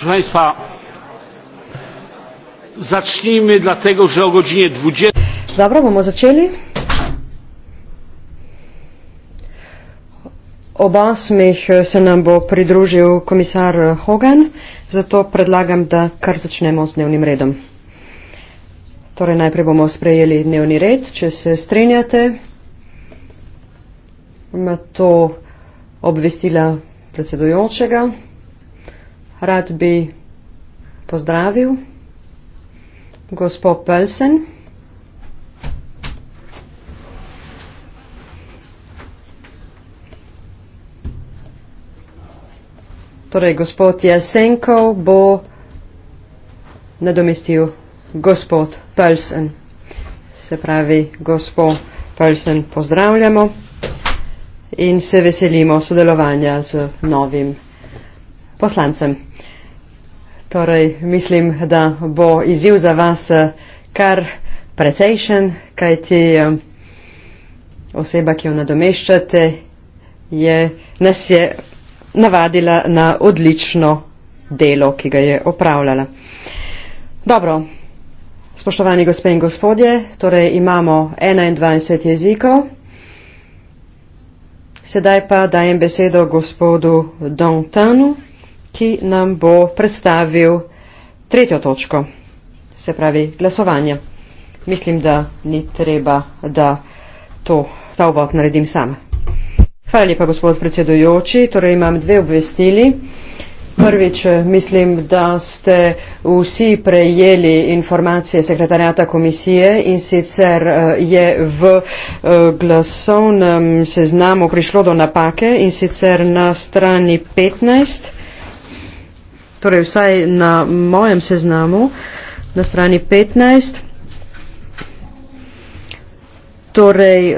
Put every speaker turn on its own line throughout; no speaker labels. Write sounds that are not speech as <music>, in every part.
Proszę Państwa, zacznijmy dlatego, że o godzinie 20...
Dobra, bomo zaczęli. Ob osmih eh, se nam bo pridružil komisar Hogan, zato predlagam, da kar začnemo s dnevnim redom. Torej najprej bomo sprejeli dnevni red, če se strenjate. Ima to obvestila predsedujočega. Rad bi pozdravil gospod Pelsen. Torej, gospod Jasenko bo nadomestil gospod Pelsen. Se pravi, gospod Pelsen, pozdravljamo in se veselimo sodelovanja z novim poslancem. Torej, mislim, da bo izziv za vas eh, kar precejšen, kajti eh, oseba, ki jo nadomeščate, je, nas je navadila na odlično delo, ki ga je opravljala. Dobro, spoštovani gospe in gospodje, torej imamo 21 jezikov. Sedaj pa dajem besedo gospodu Dontanu, ki nam bo predstavil tretjo točko, se pravi glasovanje. Mislim, da ni treba, da to, ta uvod naredim sam. Hvala lepa, gospod predsedujoči. Torej imam dve obvestili. Prvič, eh, mislim, da ste vsi prejeli informacije sekretarjata komisije in sicer eh, je v eh, glasovnem seznamu prišlo do napake in sicer na strani 15, torej vsaj na mojem seznamu, na strani 15, torej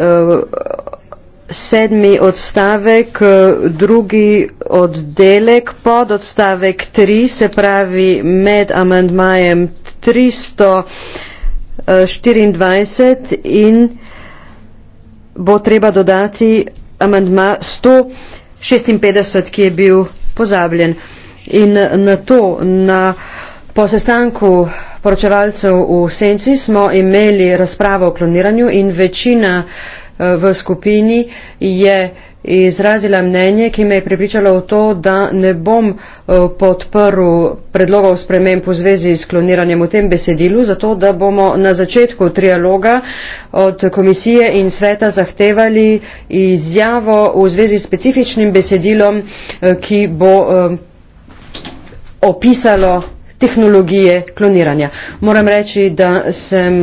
sedmi odstavek, drugi oddelek, pod odstavek 3, se pravi med amendmajem 324 eh, in bo treba dodati amendma 156, ki je bil pozabljen. In eh, na to, na po sestanku poročevalcev v Senci smo imeli razpravo o kloniranju in večina Eh, v skupini je izrazila mnenje, ki me je pripričalo v to, da ne bom eh, podprl predlogov sprememb v zvezi s kloniranjem v tem besedilu, zato da bomo na začetku trialoga od komisije in sveta zahtevali izjavo v zvezi s specifičnim besedilom, eh, ki bo opisalo tehnologije kloniranja. Moram reči, da sem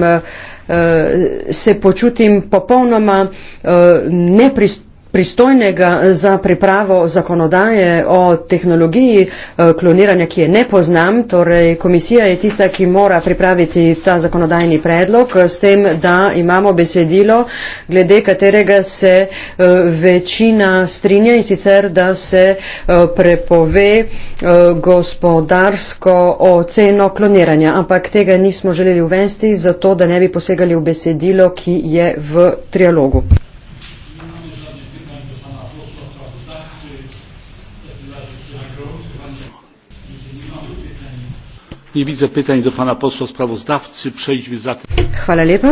Eh, se počutim popolnoma eh, nepristupno pristojnega za pripravo zakonodaje o tehnologiji eh, kloniranja, ki je ne poznam. Torej, komisija je tista, ki mora pripraviti ta zakonodajni predlog eh, s tem, da imamo besedilo, glede katerega se eh, večina strinja in sicer, da se prepove gospodarsko oceno kloniranja. Ampak tega nismo želeli uvesti, zato da ne bi posegali v besedilo, ki je v trialogu.
nie widzę pytań do pana posła sprawozdawcy przejdźmy zatem
Hvala lepa.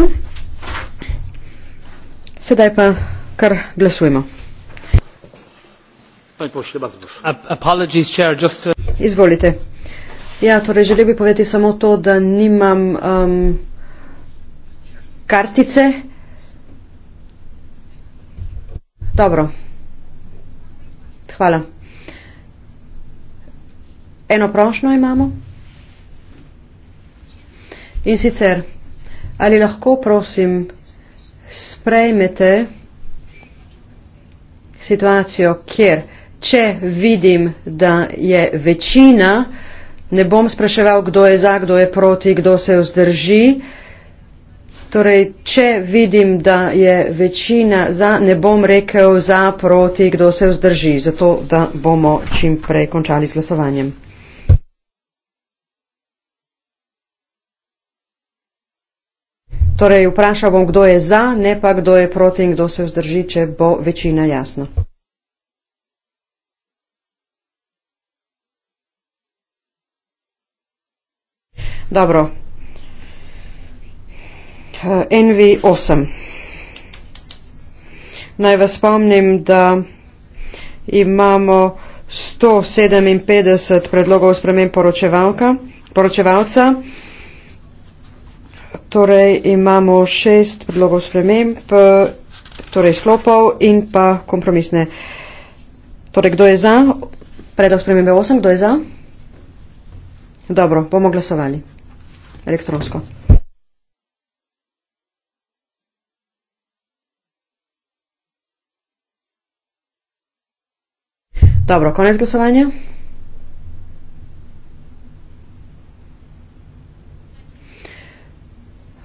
Sedaj pa kar glasujemo.
Apologies, chair, just to...
Izvolite. Ja, torej želel bi povedati samo to, da nimam um, kartice. Dobro. Hvala. Eno prošno imamo. In sicer, ali lahko prosim sprejmete situacijo, kjer če vidim, da je večina, ne bom spraševal, kdo je za, kdo je proti, kdo se vzdrži. Torej, če vidim, da je večina za, ne bom rekel za, proti, kdo se vzdrži, zato da bomo čim prej končali z glasovanjem. Torej, vprašal bom, kdo je za, ne pa kdo je proti in kdo se vzdrži, če bo večina jasna. Dobro. NV8. Naj vas spomnim, da imamo 157 predlogov spremen poročevalca torej imamo šest predlogov sprememb, torej slopov in pa kompromisne. Torej, kdo je za? Predlog spremembe 8, kdo je za? Dobro, bomo glasovali elektronsko. Dobro, konec glasovanja.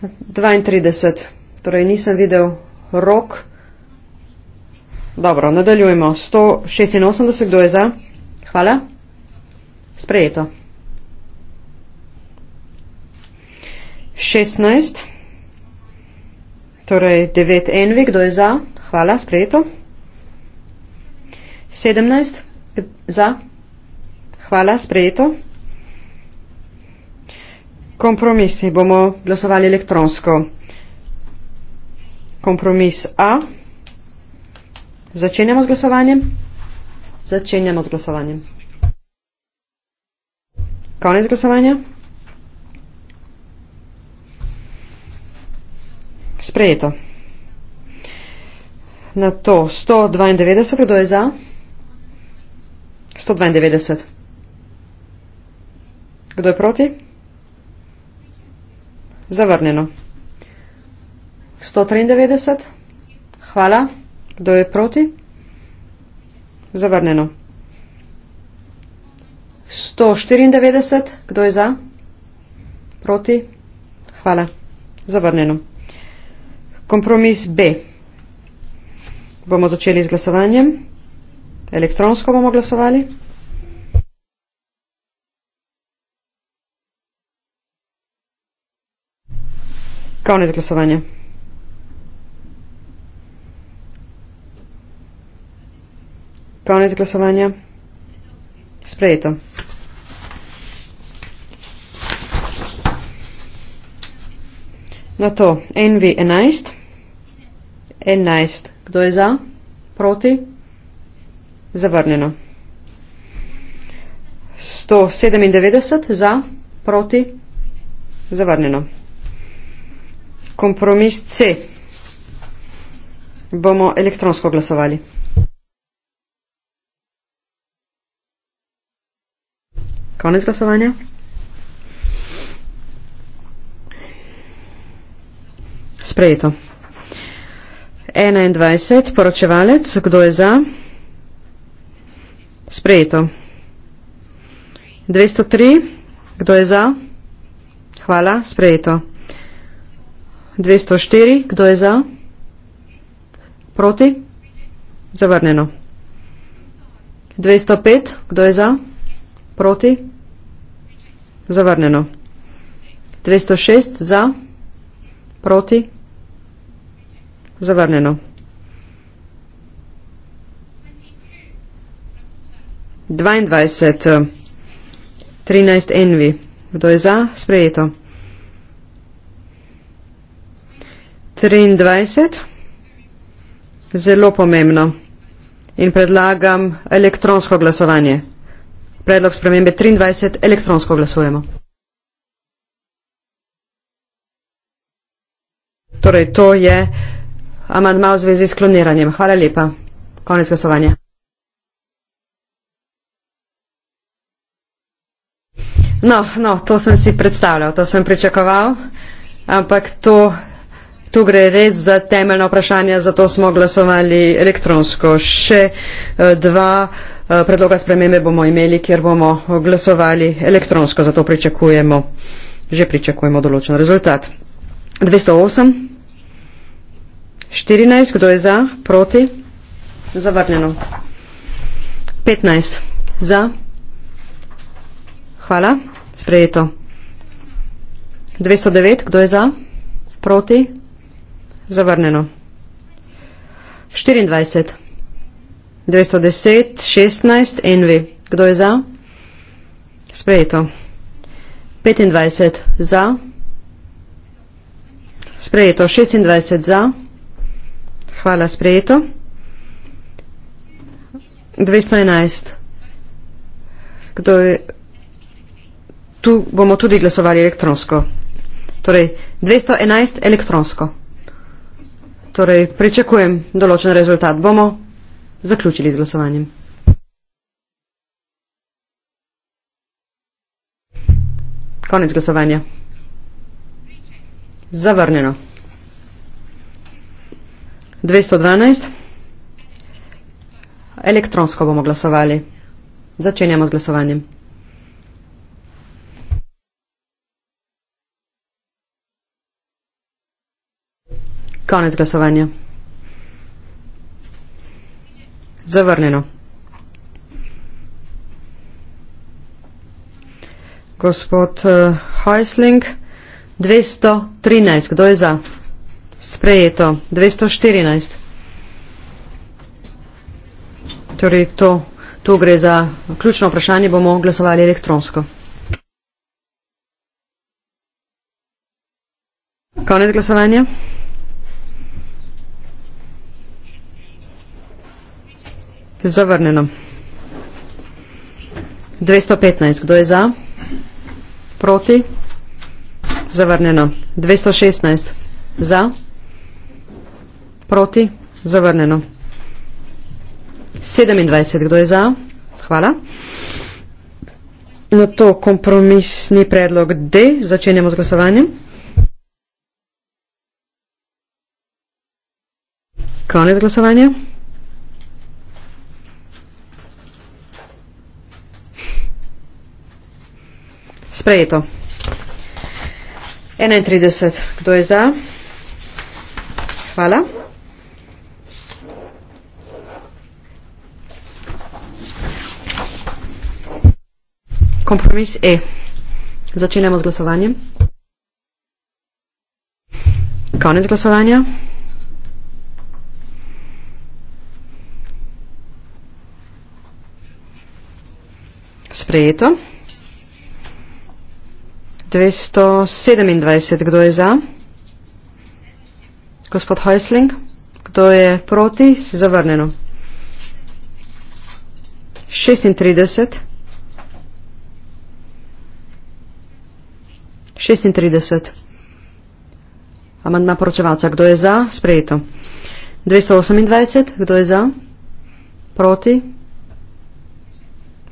32, torej nisem videl rok. Dobro, nadaljujemo. 186, kdo je za? Hvala. Sprejeto. 16, torej 9 envi, kdo je za? Hvala, sprejeto. 17, za? Hvala, sprejeto. Kompromisi bomo glasovali elektronsko. Kompromis A. Začenjamo z glasovanjem. Začenjamo z glasovanjem. Konec glasovanja. Sprejeto. Na to 192, kdo je za? 192. Kdo je proti? Zavrnjeno. 193. Hvala. Kdo je proti? Zavrnjeno. 194. Kdo je za? Proti? Hvala. Zavrnjeno. Kompromis B. Bomo začeli z glasovanjem. Elektronsko bomo glasovali. Konec glasovanja. Konec glasovanja. Sprejeto. Na to NV 11. 11. Kdo je za? Proti? Zavrnjeno. 197 za, proti, zavrnjeno. Kompromis C. Bomo elektronsko glasovali. Konec glasovanja. Sprejeto. 21. Poročevalec. Kdo je za? Sprejeto. 203. Kdo je za? Hvala. Sprejeto. 204. Kdo je za? Proti? Zavrnjeno. 205. Kdo je za? Proti? Zavrnjeno. 206. Za? Proti? Zavrnjeno. 22. 13 envi. Kdo je za? Sprejeto. 23. Zelo pomembno in predlagam elektronsko glasovanje. Predlog spremembe 23. Elektronsko glasujemo. Torej, to je amadma v zvezi s kloniranjem. Hvala lepa. Konec glasovanja. No, no, to sem si predstavljal, to sem pričakoval, ampak to. Tu gre res za temeljna vprašanja, zato smo glasovali elektronsko. Še eh, dva eh, predloga spremembe bomo imeli, kjer bomo glasovali elektronsko, zato pričakujemo, že pričakujemo določen rezultat. 208, 14, kdo je za, proti, zavrnjeno. 15, za, hvala, sprejeto. 209, kdo je za, proti, zavrnjeno. Zavrnjeno. 24. 210, 16, NV. Kdo je za? Sprejeto. 25 za. Sprejeto. 26 za. Hvala, sprejeto. 211. Kdo je? Tu bomo tudi glasovali elektronsko. Torej, 211 elektronsko. Torej, pričakujem določen rezultat. Bomo zaključili z glasovanjem. Konec glasovanja. Zavrnjeno. 212. Elektronsko bomo glasovali. Začenjamo z glasovanjem. Konec glasovanja. Zavrnjeno. Gospod eh, Heusling, 213. Kdo je za? Sprejeto. 214. Torej to, to gre za ključno vprašanje, bomo glasovali elektronsko. Konec glasovanja. Zavrnjeno. 215. Kdo je za? Proti? Zavrnjeno. 216. Za? Proti? Zavrnjeno. 27. Kdo je za? Hvala. Na to kompromisni predlog D. Začenjamo z glasovanjem. Konec glasovanja. Sprejeto. 31. Kdo je za? Hvala. Kompromis E. Začenjamo z glasovanjem. Konec glasovanja. Sprejeto. 227. Kdo je za? Gospod Heusling, kdo je proti? Zavrneno. 36. 36. Amandma poročevalca, kdo je za? Sprejeto. 228. Kdo je za? Proti?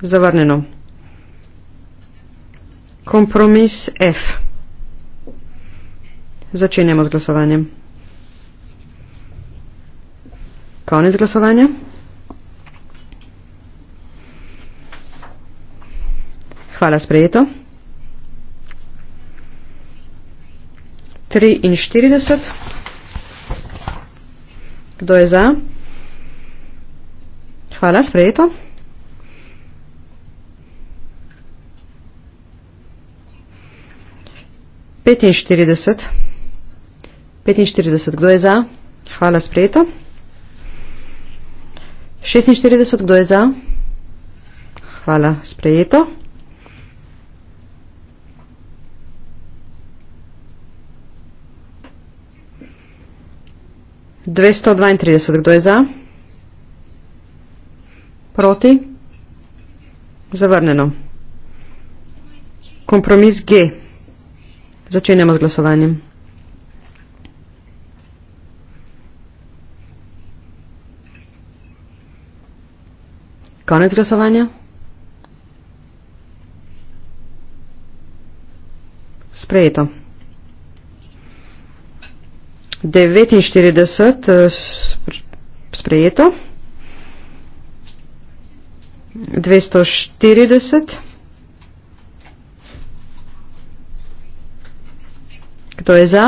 Zavrneno. Kompromis F. Začenjamo z glasovanjem. Konec glasovanja. Hvala sprejeto. 43. Kdo je za? Hvala sprejeto. 45. 45. Kdo je za? Hvala, sprejeto. 46. Kdo je za? Hvala, sprejeto. 232. Kdo je za? Proti? Zavrneno. Kompromis G. Kompromis G. Začenjamo z glasovanjem. Konec glasovanja. Sprejeto. 49 eh, sprejeto. 240. Kdo je za?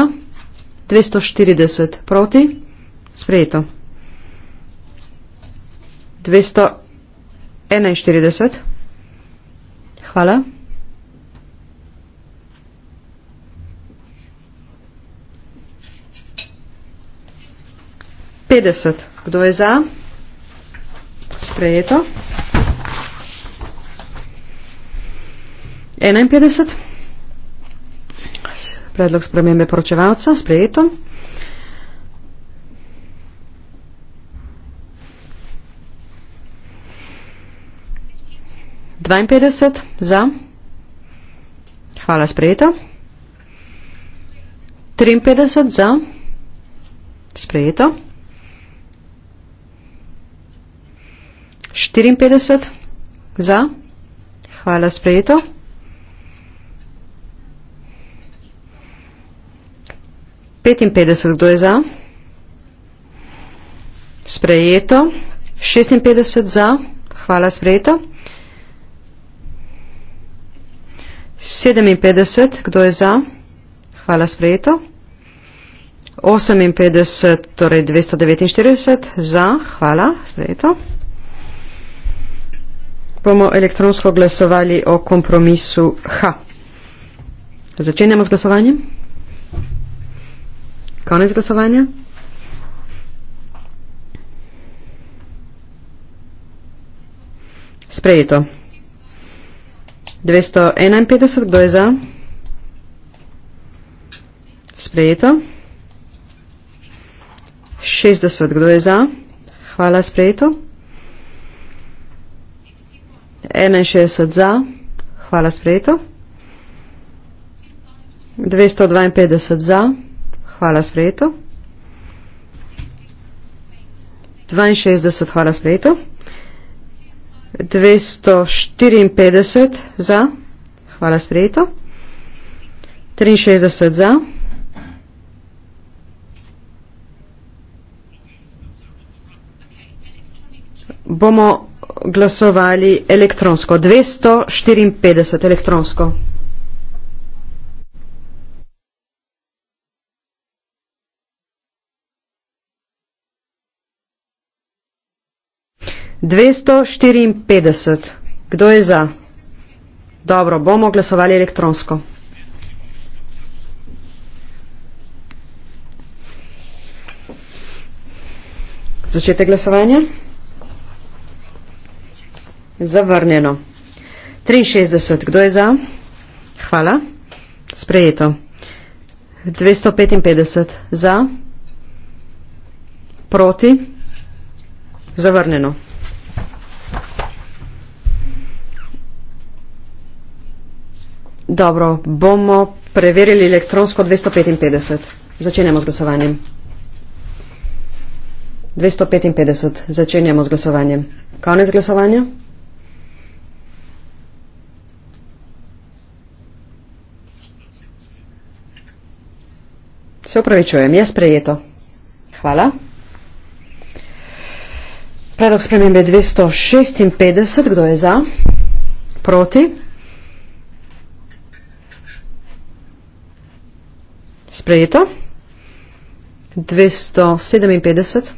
240 proti. Sprejeto. 241. Hvala. Kdo je za? Sprejeto. 51. Predlog spremembe poročevalca sprejeto. Dvainpetdeset za. Hvala sprejeto. Triinpetdeset za. Sprejeto. Štiriinpetdeset za. Hvala sprejeto. 55, kdo je za? Sprejeto. 56 za, hvala sprejeto. 57, kdo je za? Hvala sprejeto. 58, torej 249 za, hvala sprejeto. Bomo elektronsko glasovali o kompromisu H. Začenjamo z glasovanjem. Konec glasovanja. Sprejeto. 251, kdo je za? Sprejeto. 60, kdo je za? Hvala, sprejeto. 61 za, hvala, sprejeto. 252 za hvala sprejeto. 62, hvala sprejeto. 254 za, hvala sprejeto. 63 za. 200. Bomo glasovali elektronsko. 254 elektronsko. 254. Kdo je za? Dobro, bomo glasovali elektronsko. Začete glasovanje? Zavrnjeno. 63. Kdo je za? Hvala. Sprejeto. 255. Za? Proti? Zavrnjeno. Dobro, bomo preverili elektronsko 255. Začenjamo z glasovanjem. 255. Začenjamo z glasovanjem. Konec glasovanja. Se upravičujem, je sprejeto. Hvala. Predlog spremembe 256. Kdo je za? Proti? Sprejeto. 257.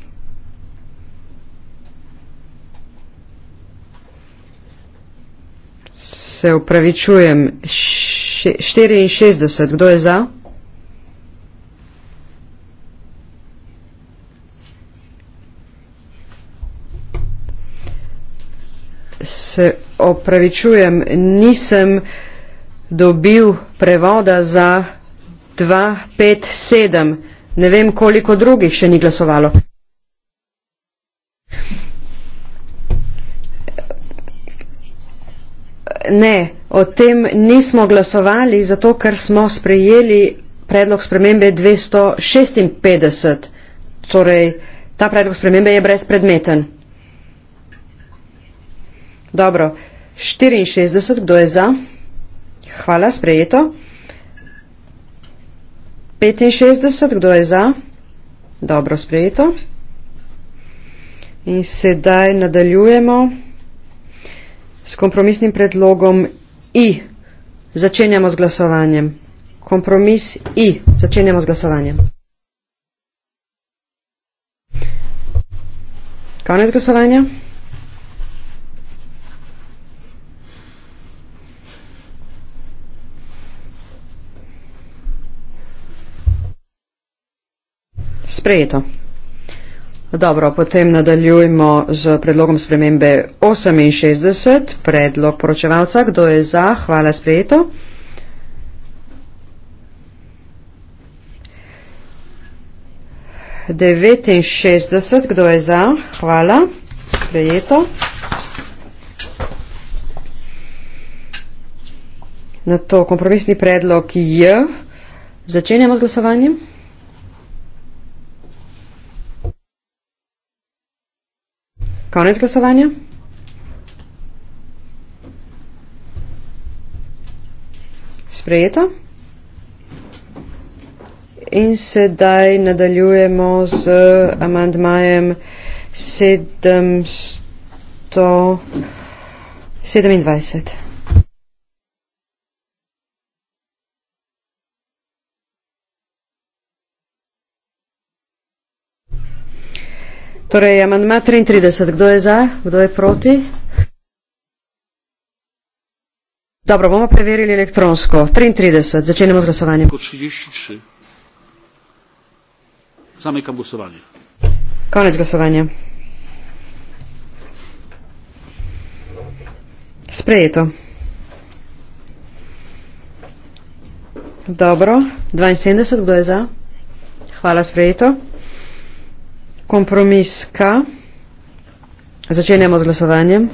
Se upravičujem. 64. Kdo je za? Se opravičujem, nisem dobil prevoda za dva, pet, sedem, ne vem koliko drugih še ni glasovalo. Ne, o tem nismo glasovali, zato ker smo sprejeli predlog spremembe 256, torej ta predlog spremembe je brezpredmeten. Dobro, 64, kdo je za? Hvala, sprejeto. 65, kdo je za? Dobro sprejeto. In sedaj nadaljujemo s kompromisnim predlogom I. Začenjamo z glasovanjem. Kompromis I. Začenjamo z glasovanjem. Konec glasovanja. Sprejeto. Dobro, potem nadaljujemo z predlogom spremembe 68, predlog poročevalca. Kdo je za? Hvala, sprejeto. Devetinšestdeset, kdo je za? Hvala, sprejeto. Na to kompromisni predlog J. Začenjamo z glasovanjem. Konec glasovanja. Sprejeto. In sedaj nadaljujemo z amandmajem 700, 27. Torej, amandma 33, kdo je za, kdo je proti? Dobro, bomo preverili elektronsko. 33, začenjamo z glasovanjem.
Zamekam glasovanje.
Konec glasovanja. Sprejeto. Dobro, 72, kdo je za? Hvala, sprejeto kompromis K. Začenjamo z glasovanjem.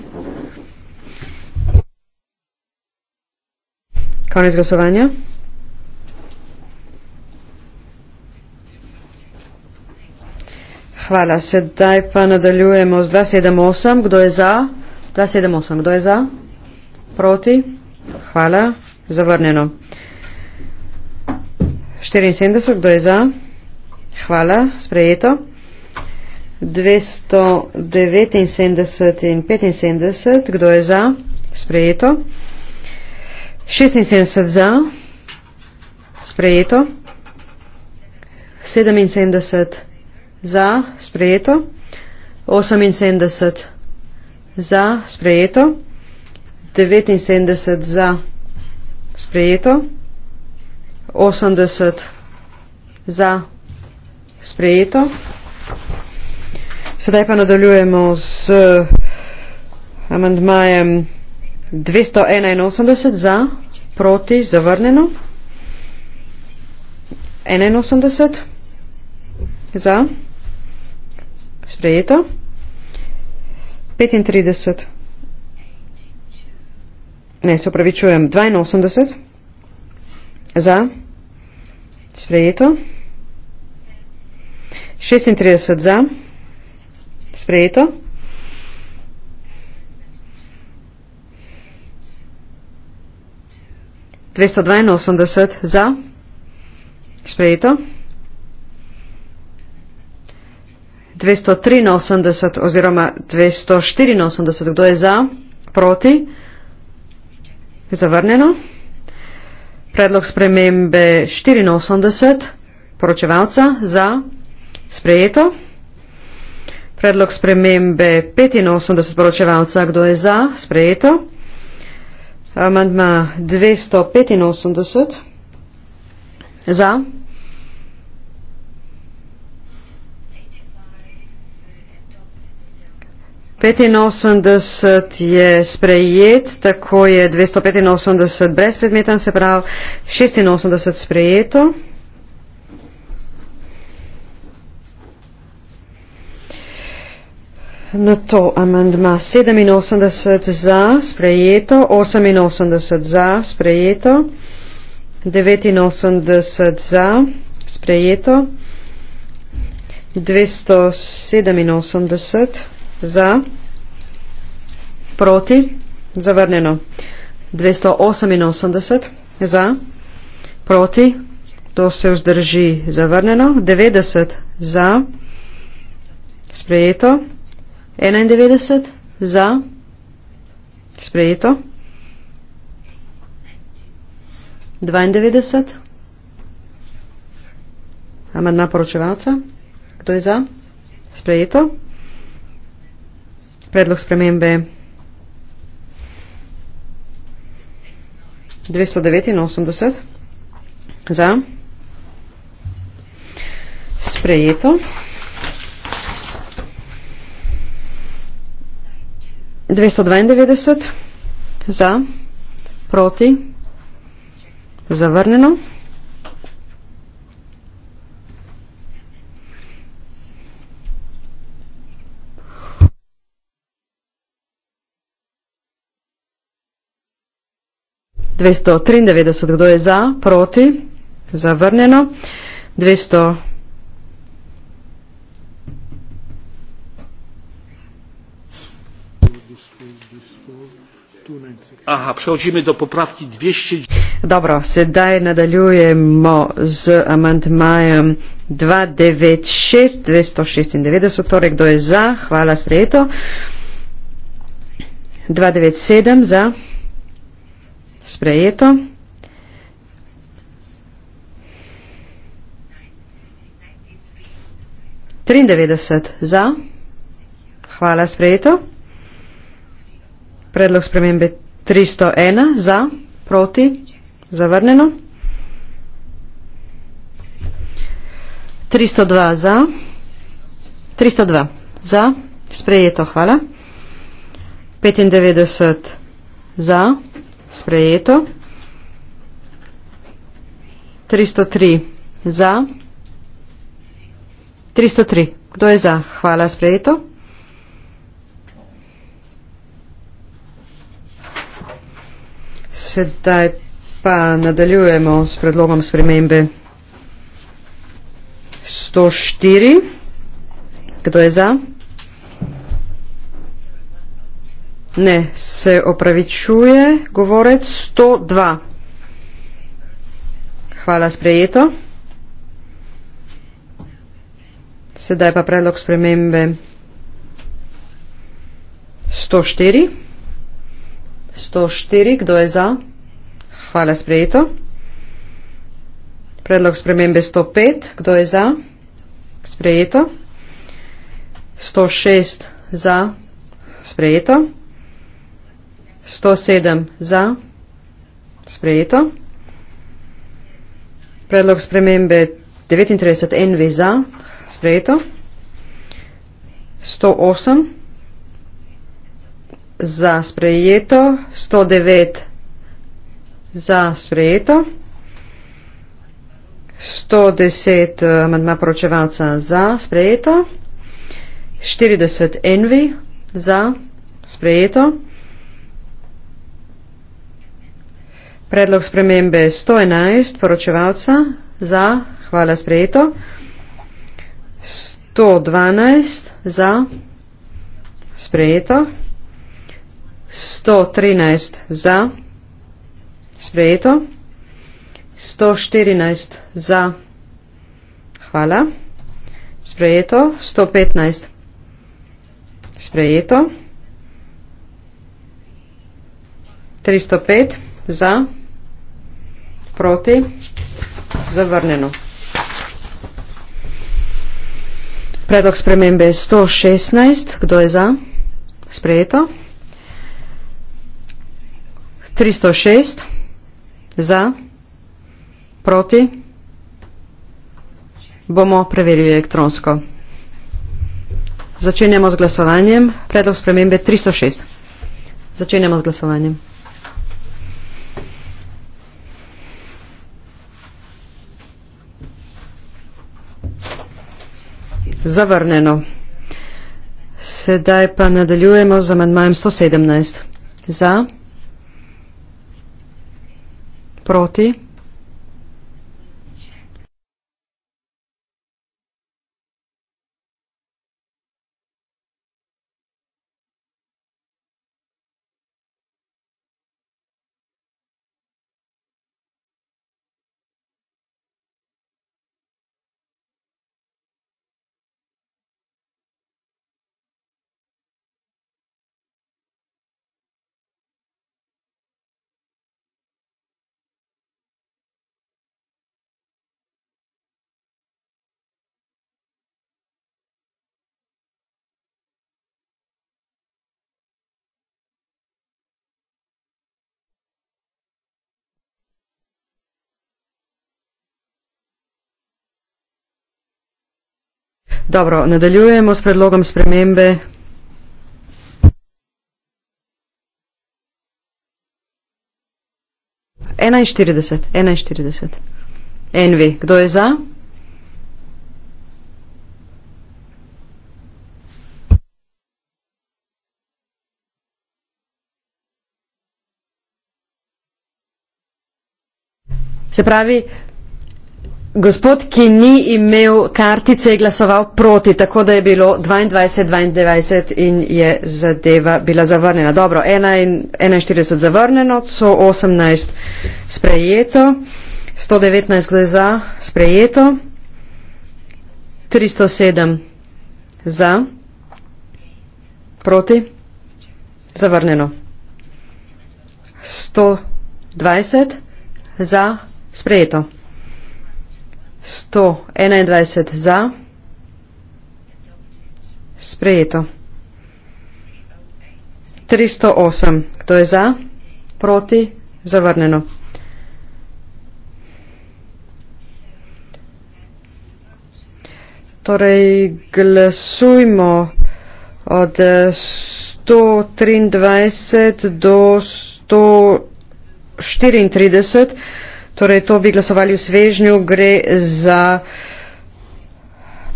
Konec glasovanja. Hvala. Sedaj pa nadaljujemo z 278. Kdo je za? 278. Kdo je za? Proti? Hvala. Zavrnjeno. 74. Kdo je za? Hvala. Sprejeto. 279 in 75, kdo je za, sprejeto. 76 za, sprejeto. 77 za, sprejeto. 78 za, sprejeto. 79 za, sprejeto. 80 za, sprejeto. Sedaj pa nadaljujemo z eh, amandmajem 281 za, proti, zavrnjeno. 81 za, sprejeto. 35. Ne, se upravičujem, 82 za, sprejeto. 36 za sprejeto. Dvesto dvainosemdeset za sprejeto, dvesto triinosemdeset oziroma dvesto štiriinosemdeset kdo je za, proti, zavrnjeno, predlog spremembe štiriinosemdeset poročevalca za sprejeto. Predlog spremembe 85 poročevalca, kdo je za, sprejeto. Amandma 285 za. 85 je sprejet, tako je 285 brezpredmeten, se pravi 86 sprejeto. Na to amandma 87 za sprejeto, 88 za sprejeto, 89 za sprejeto, 287 za proti, zavrnjeno, 288 za proti, to se vzdrži, zavrnjeno, 90 za sprejeto. 91 za sprejeto 92 amadna poročevalca kdo je za sprejeto predlog spremembe 289 za sprejeto 292 za, proti, zavrneno. Dvesto trindevetdeset, kdo je za, proti, zavrnjeno. Dvesto 200...
Aha, przechodzimy do poprawki 200.
Dobro, sedaj nadaljujemo z amantmajem 296, 296, torej kdo je za, hvala sprejeto. 297 za, sprejeto. 93 za, hvala sprejeto. Predlog spremembe 301 za, proti, zavrnjeno. 302 za, 302 za, sprejeto, hvala. 95 za, sprejeto. 303 za, 303, kdo je za, hvala, sprejeto. Sedaj pa nadaljujemo s predlogom spremembe 104. Kdo je za? Ne, se opravičuje govorec 102. Hvala, sprejeto. Sedaj pa predlog spremembe 104. 104, kdo je za? Hvala, sprejeto. Predlog spremembe 105, kdo je za? Sprejeto. 106 za, sprejeto. 107 za, sprejeto. Predlog spremembe 39 NV za, sprejeto. 108 za sprejeto, 109 za sprejeto, 110 eh, amadma poročevalca za sprejeto, 40 envi za sprejeto, predlog spremembe 111 poročevalca za hvala sprejeto, 112 za sprejeto. 113 za, sprejeto, 114 za, hvala, sprejeto, 115 sprejeto, 305 za, proti, zavrnjeno. Predlog spremembe je 116, kdo je za? Sprejeto. 306 za, proti. Bomo preverili elektronsko. Začenjamo z glasovanjem. Predlog spremembe 306. Začenjamo z glasovanjem. Zavrneno. Sedaj pa nadaljujemo z amandmajem 117. Za proti. Dobro, nadaljujemo s predlogom spremembe. Enajstirideset, enajstirideset. NV, kdo je za? Se pravi, Gospod, ki ni imel kartice, je glasoval proti, tako da je bilo 22-22 in je zadeva bila zavrnjena. Dobro, 41 zavrnjeno, 118 sprejeto, 119 glede za sprejeto, 307 za, proti, zavrnjeno. 120 za sprejeto. 121 za. Sprejeto. 308. Kdo je za? Proti? Zavrneno. Torej, glasujmo od 123 do 134. Torej, to bi glasovali v svežnju, gre za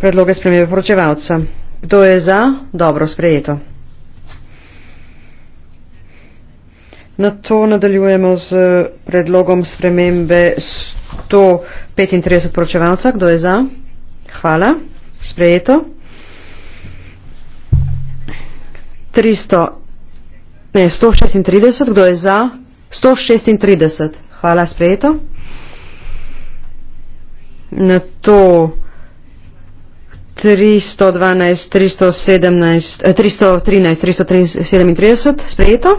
predloge spremembe poročevalca. Kdo je za? Dobro, sprejeto. Na to nadaljujemo z predlogom spremembe 135 poročevalca. Kdo je za? Hvala, sprejeto. 300, ne, 136, kdo je za? 136. Hvala, sprejeto. Na to 312, 317, 313, 337, sprejeto.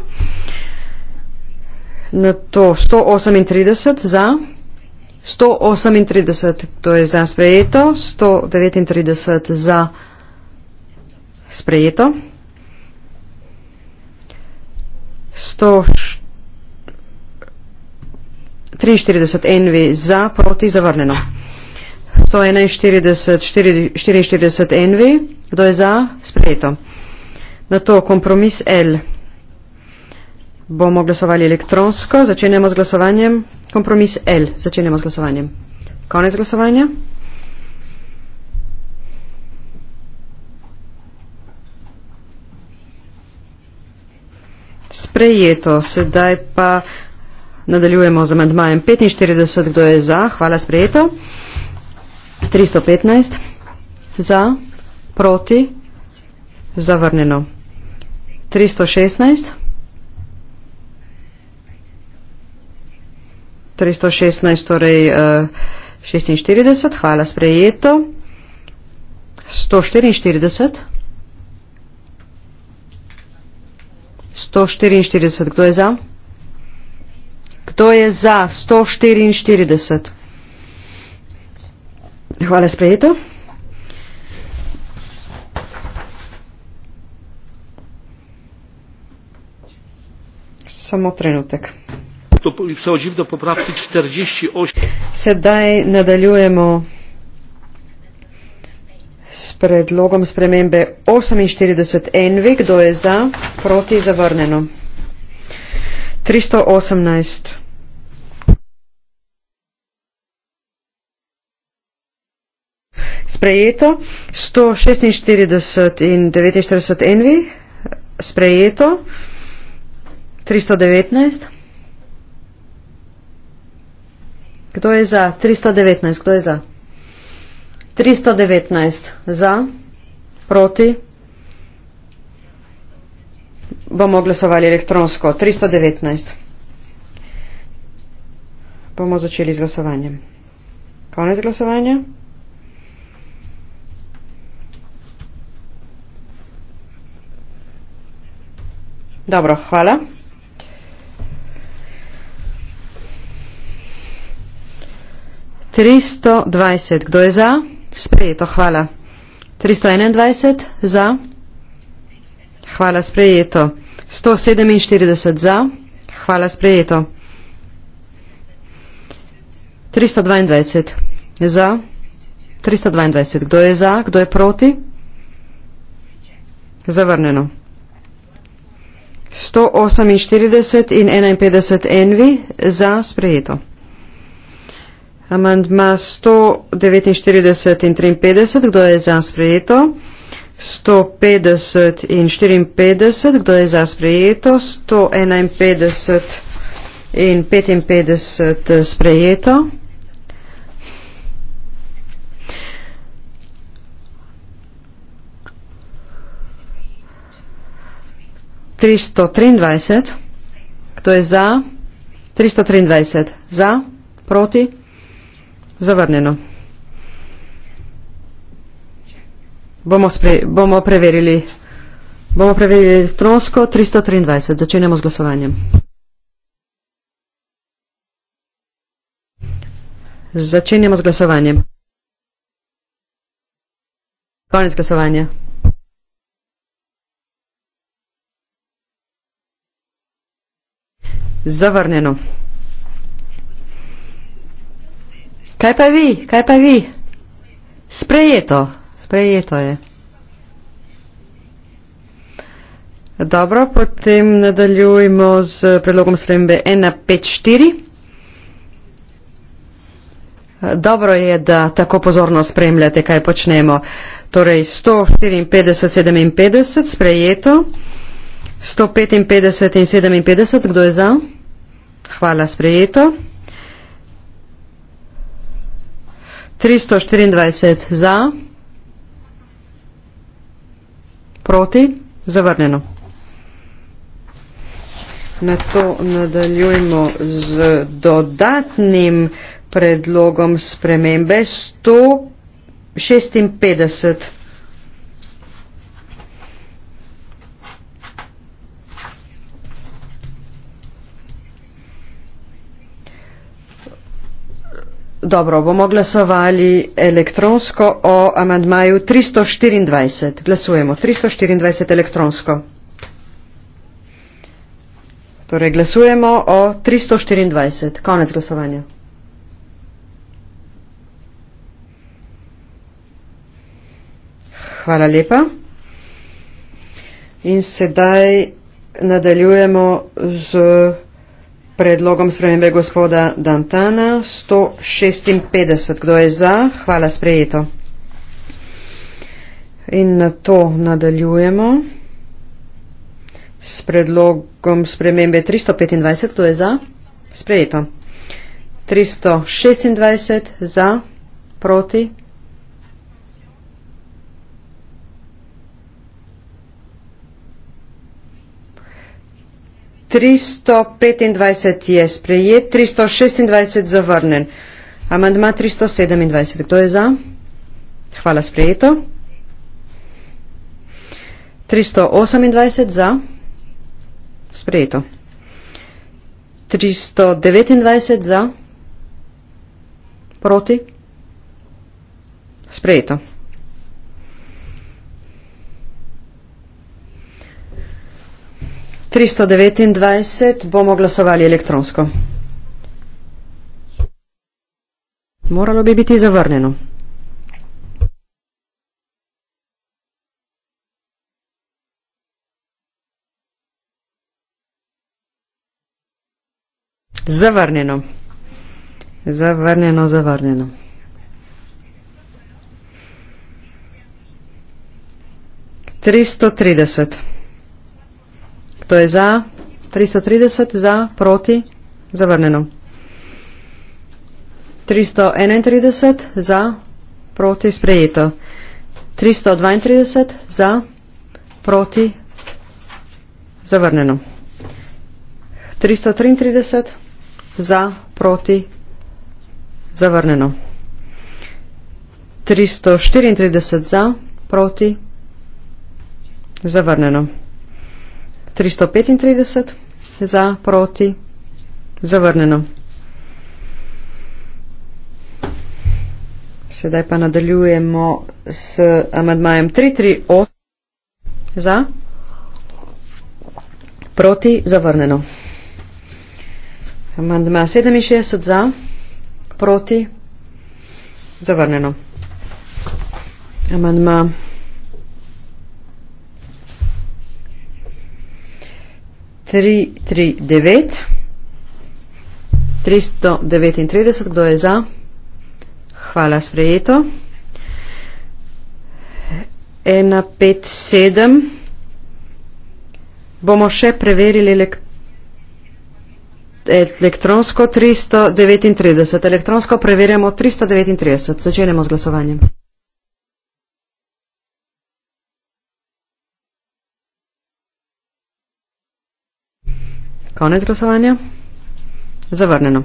Na to 138 za. 138, to je za sprejeto, 139 za sprejeto, 140. 43 NV za, proti zavrnjeno. 141, 44 NV, kdo je za, sprejeto. Na to kompromis L. Bomo glasovali elektronsko, začenjamo z glasovanjem. Kompromis L, začenjamo z glasovanjem. Konec glasovanja. Sprejeto, sedaj pa Nadaljujemo z amandmajem 45, kdo je za, hvala sprejeto. 315, za, proti, zavrnjeno. 316, 316, torej 46, eh, hvala sprejeto. 144, 144, kdo je za? Kdo je za 144? Hvala sprejeto. Samo trenutek.
Do popravki 48.
Sedaj nadaljujemo s predlogom spremembe 48 envi, kdo je za, proti zavrneno. 318. Sprejeto 146 in 49 envi, sprejeto 319. Kdo je za? 319. Kdo je za? 319. Za? Proti? bomo glasovali elektronsko. 319. Bomo začeli z glasovanjem. Konec glasovanja. Dobro, hvala. Tristo dvajset, kdo je za? Sprejeto, hvala. Tristo enaindvajset, za? Hvala sprejeto. 147 za. Hvala sprejeto. 322 za. 322. Kdo je za? Kdo je proti? Zavrneno. 148 in 51 envi za sprejeto. Amandma 149 in 53. Kdo je za sprejeto? 150 in 54, kdo je za sprejeto, 151 in 55 eh, sprejeto. Tristo triindvajset, kdo je za? Tristo triindvajset, za, proti, zavrnjeno. Bomo, spre, bomo, preverili, bomo preverili elektronsko 323. Začenjamo z glasovanjem. Začenjamo z glasovanjem. Konec glasovanja. Zavrnjeno. Kaj pa vi? Kaj pa vi? Sprejeto. Prejeto je. Dobro, potem nadaljujemo z predlogom spremembe 1.5.4. Dobro je, da tako pozorno spremljate, kaj počnemo. Torej 154.57 sprejeto. 155 in 57, kdo je za? Hvala, sprejeto. 324 za proti, zavrnjeno. Na to nadaljujemo z dodatnim predlogom spremembe 156. Dobro, bomo glasovali elektronsko o amandmaju 324. Glasujemo 324 elektronsko. Torej, glasujemo o 324. Konec glasovanja. Hvala lepa. In sedaj nadaljujemo z predlogom spremembe gospoda Dantana 156. Kdo je za? Hvala sprejeto. In na to nadaljujemo s predlogom spremembe 325. Kdo je za? Sprejeto. 326 za, proti, 325 je sprejet, 326 zavrnen. Amandma 327. Kdo je za? Hvala sprejeto. 328 za. Sprejeto. 329 za. Proti. Sprejeto. 329 bomo glasovali elektronsko. Moralo bi biti zavrnjeno. Zavrnjeno. Zavrnjeno, zavrnjeno. Tristo trideset. To je za, 330 za, proti, zavrneno. 331 za, proti, sprejeto. 332 za, proti, zavrneno. 333 za, proti, zavrneno. 334 za, proti, zavrneno. 335 za, proti, zavrneno. Sedaj pa nadaljujemo s amadmajem 338 za, proti, zavrneno. Amadma 67 za, proti, zavrneno. Amadma 339 339 kdo je za hvala sprejeto 157 bomo še preverili elektronsko 339 elektronsko preverjamo 339 začenjamo z glasovanjem Konec glasovanja. Zavrneno.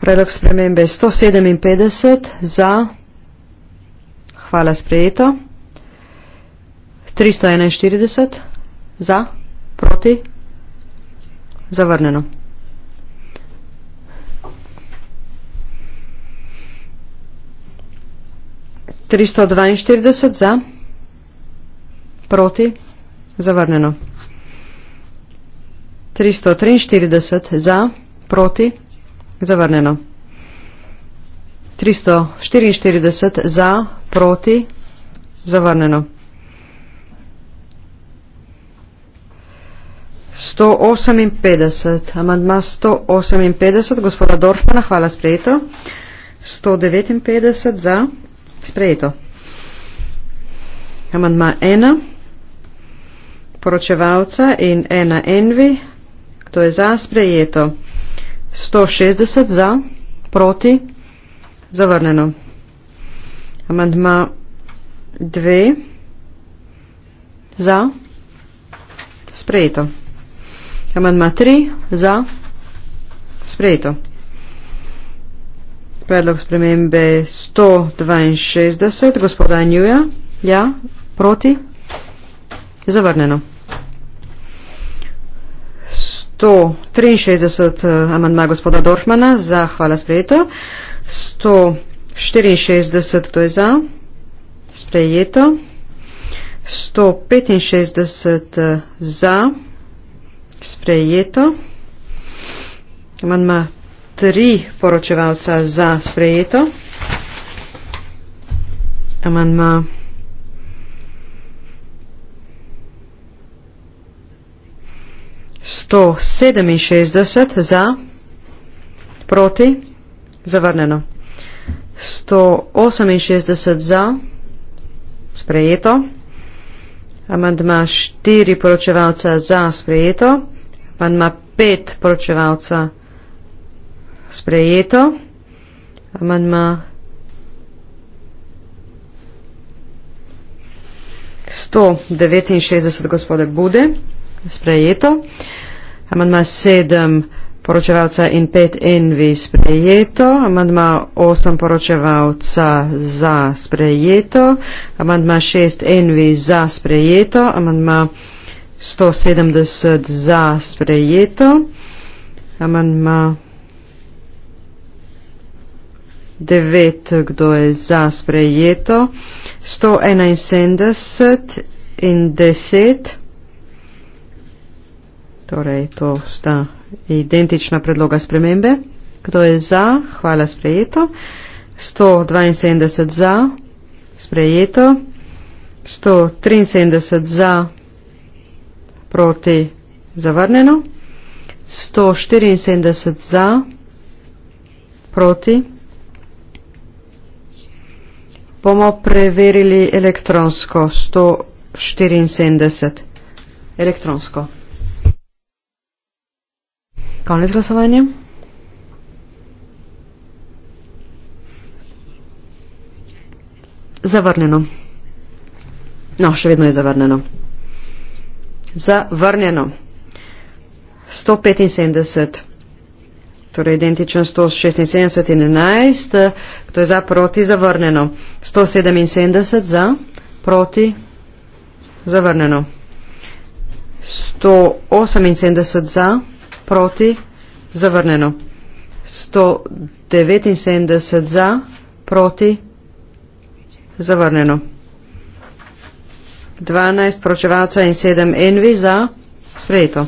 Predlog spremembe je 157 za. Hvala sprejeto. 341 za. Proti. Zavrneno. Tristo dvainštirideset za, proti, zavrneno. 343 za, proti, zavrnjeno. 344 za, proti, zavrnjeno. 158, amandma 158, gospoda Dorfmana, hvala sprejeto. 159 za, sprejeto. Amandma 1, poročevalca in 1 envi, To je za sprejeto. 160 za, proti, zavrneno. Amandma 2 za, sprejeto. Amandma 3 za, sprejeto. Predlog spremembe 162, gospoda Njuja, ja, proti, zavrneno sto triinšestdeset eh, amandma gospoda Dorfmana za hvala sprejeto, sto štiriinšestdeset kdo je za sprejeto, sto petinšestdeset eh, za sprejeto, amandma tri poročevalca za sprejeto, amandma 167 za, proti, zavrneno. 168 za, sprejeto. Amandma 4 poročevalca za, sprejeto. Amandma 5 poročevalca sprejeto. Amandma 169 gospode Bude, sprejeto. Amandma 7 poročevalca in 5 envi sprejeto. Amandma 8 poročevalca za sprejeto. Amandma 6 envi za sprejeto. Amandma 170 za sprejeto. Amandma 9, kdo je za sprejeto. 171 in 10. Torej, to sta identična predloga spremembe. Kdo je za? Hvala sprejeto. 172 za, sprejeto. 173 za, proti, zavrneno. 174 za, proti. Bomo preverili elektronsko. 174. Elektronsko konec glasovanja. Zavrnjeno. No, še vedno je zavrnjeno. Zavrnjeno. 175, torej identično 176 in 11, to je za proti zavrnjeno. 177 za, proti zavrnjeno. 178 za, proti, zavrnjeno. 179 za, proti, zavrnjeno. 12 pročevalca in 7 envi za, sprejeto.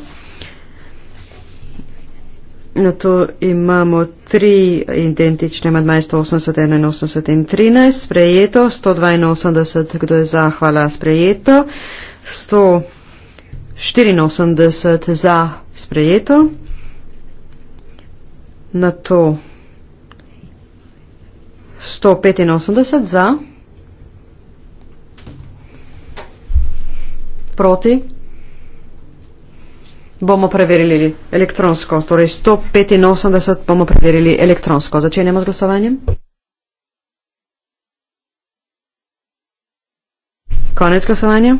Na to imamo tri identične madmaje 180, 81 in 13, sprejeto, 182, kdo je za, hvala, sprejeto, 100. 84 za sprejeto. Na to 185 za, proti, bomo preverili elektronsko, torej 185 bomo preverili elektronsko. Začenjamo z glasovanjem. Konec glasovanja.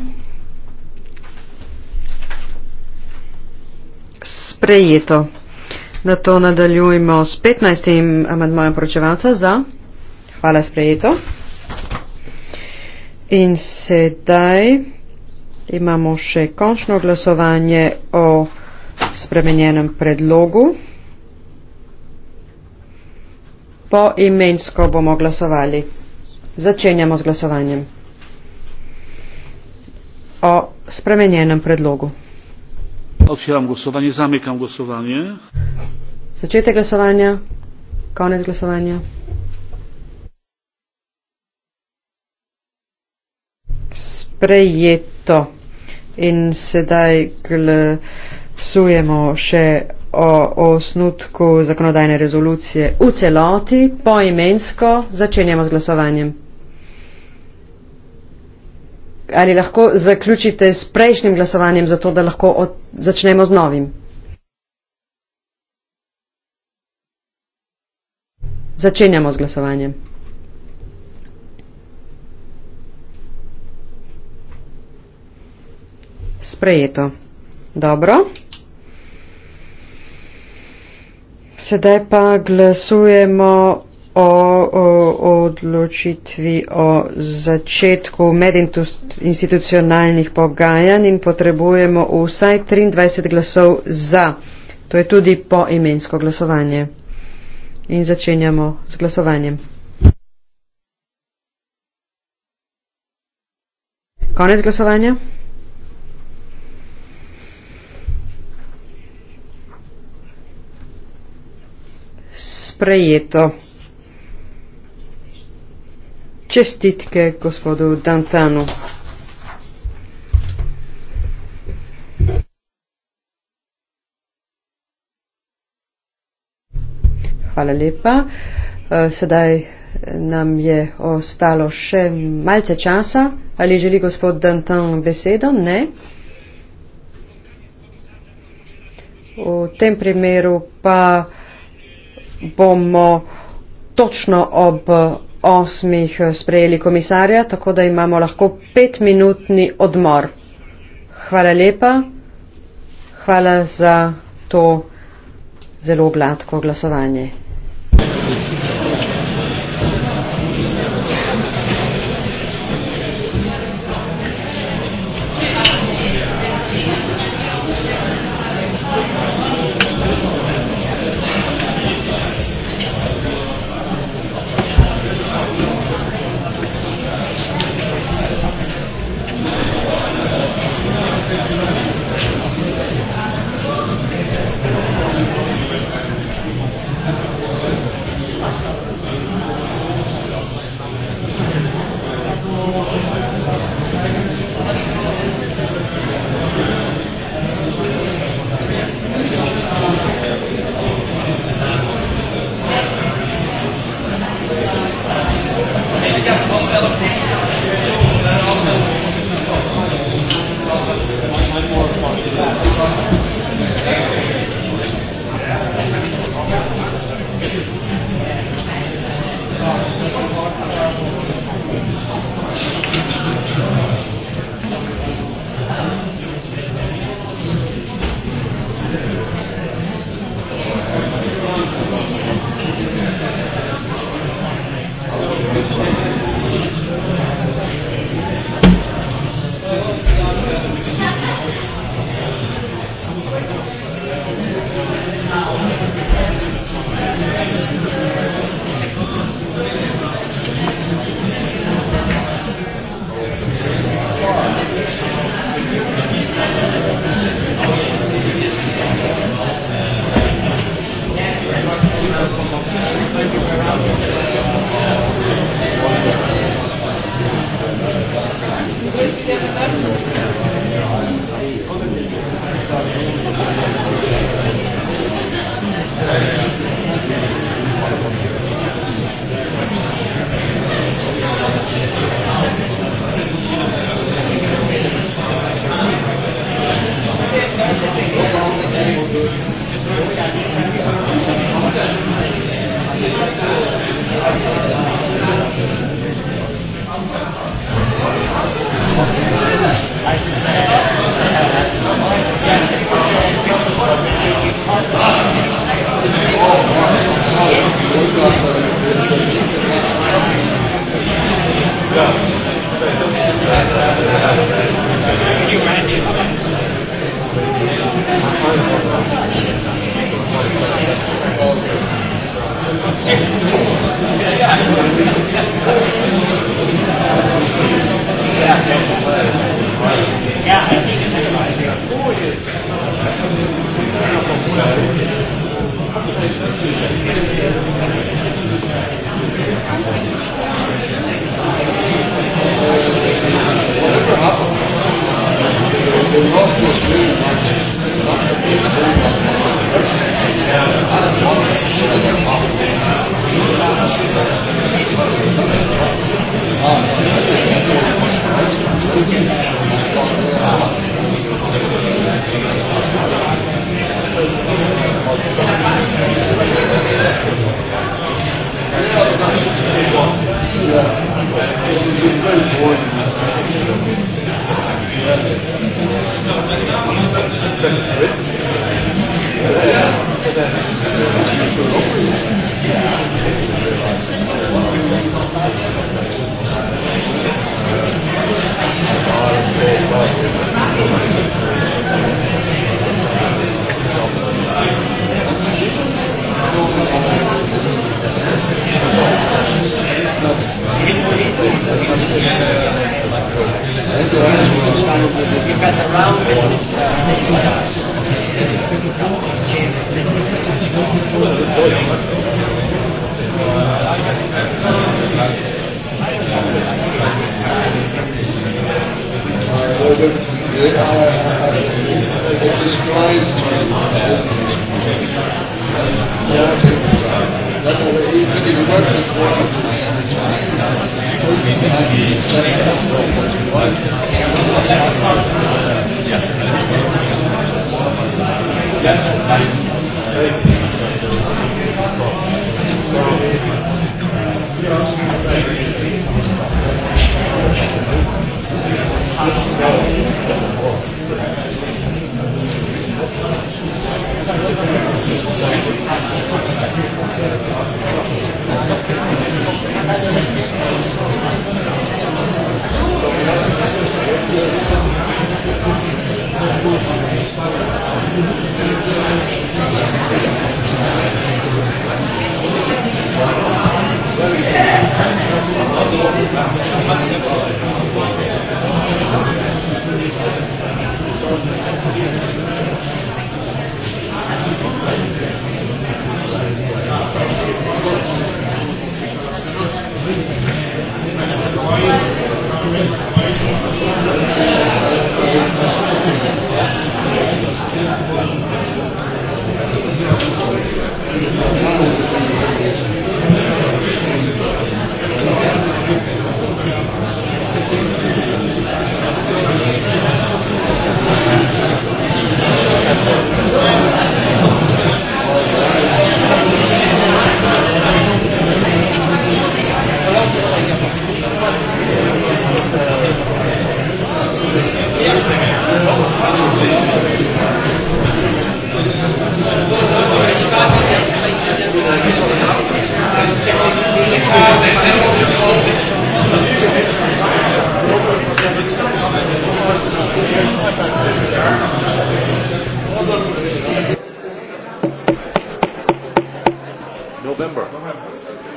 sprejeto. Na to nadaljujemo s 15. amadmojem poročevalca za. Hvala, sprejeto. In sedaj imamo še končno glasovanje o spremenjenem predlogu. Po imensko bomo glasovali. Začenjamo z glasovanjem o spremenjenem predlogu.
Otwieram głosowanie. Zamykam głosowanie.
Zaczęte głosowania. Koniec głosowania. Sprejeto. In sedaj glasujemo še o osnutku zakonodajne rezolucije v celoti, poimensko, začenjamo z glasovanjem ali lahko zaključite s prejšnjim glasovanjem, zato da lahko od, začnemo z novim. Začenjamo z glasovanjem. Sprejeto. Dobro. Sedaj pa glasujemo o, o odločitvi o začetku medinstitucionalnih pogajanj in potrebujemo vsaj 23 glasov za. To je tudi poimensko glasovanje. In začenjamo z glasovanjem. Konec glasovanja. Sprejeto. Čestitke gospodu Dantanu. Hvala lepa. Eh, sedaj nam je ostalo še malce časa. Ali želi gospod Dantan besedo? Ne. V tem primeru pa bomo točno ob osmih eh, sprejeli komisarja, tako da imamo lahko petminutni odmor. Hvala lepa. Hvala za to zelo gladko glasovanje.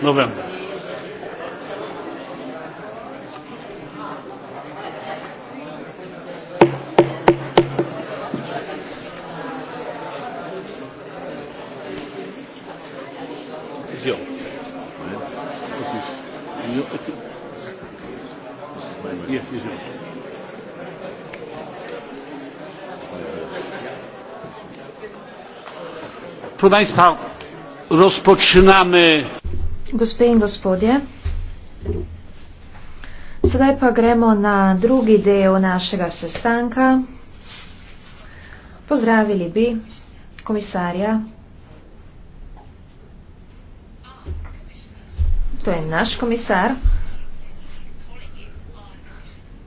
november. Oh.
Proszę Państwa, rozpoczynamy
gospe in gospodje. Sedaj pa gremo na drugi del našega sestanka. Pozdravili bi komisarja. To je naš komisar.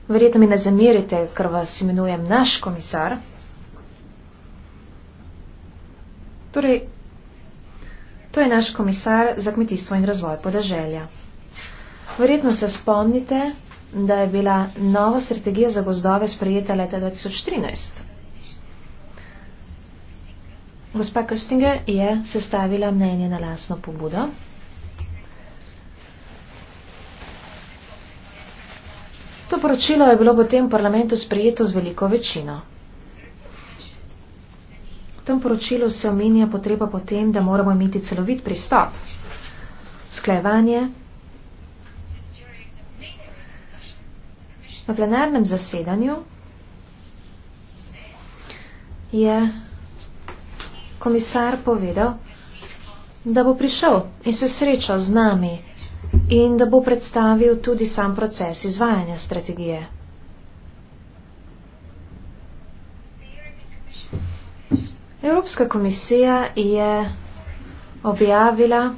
Verjetno mi ne zamerite, ker vas imenujem naš komisar. Torej, To je naš komisar za kmetijstvo in razvoj podeželja. Verjetno se spomnite, da je bila nova strategija za gozdove sprejeta leta 2013. Gospa Köstinge je sestavila mnenje na lasno pobudo. To poročilo je bilo potem v parlamentu sprejeto z veliko večino tem poročilu se omenja potreba po tem, da moramo imeti celovit pristop. Sklajevanje. Na plenarnem zasedanju je komisar povedal, da bo prišel in se srečal z nami in da bo predstavil tudi sam proces izvajanja strategije. Evropska komisija je objavila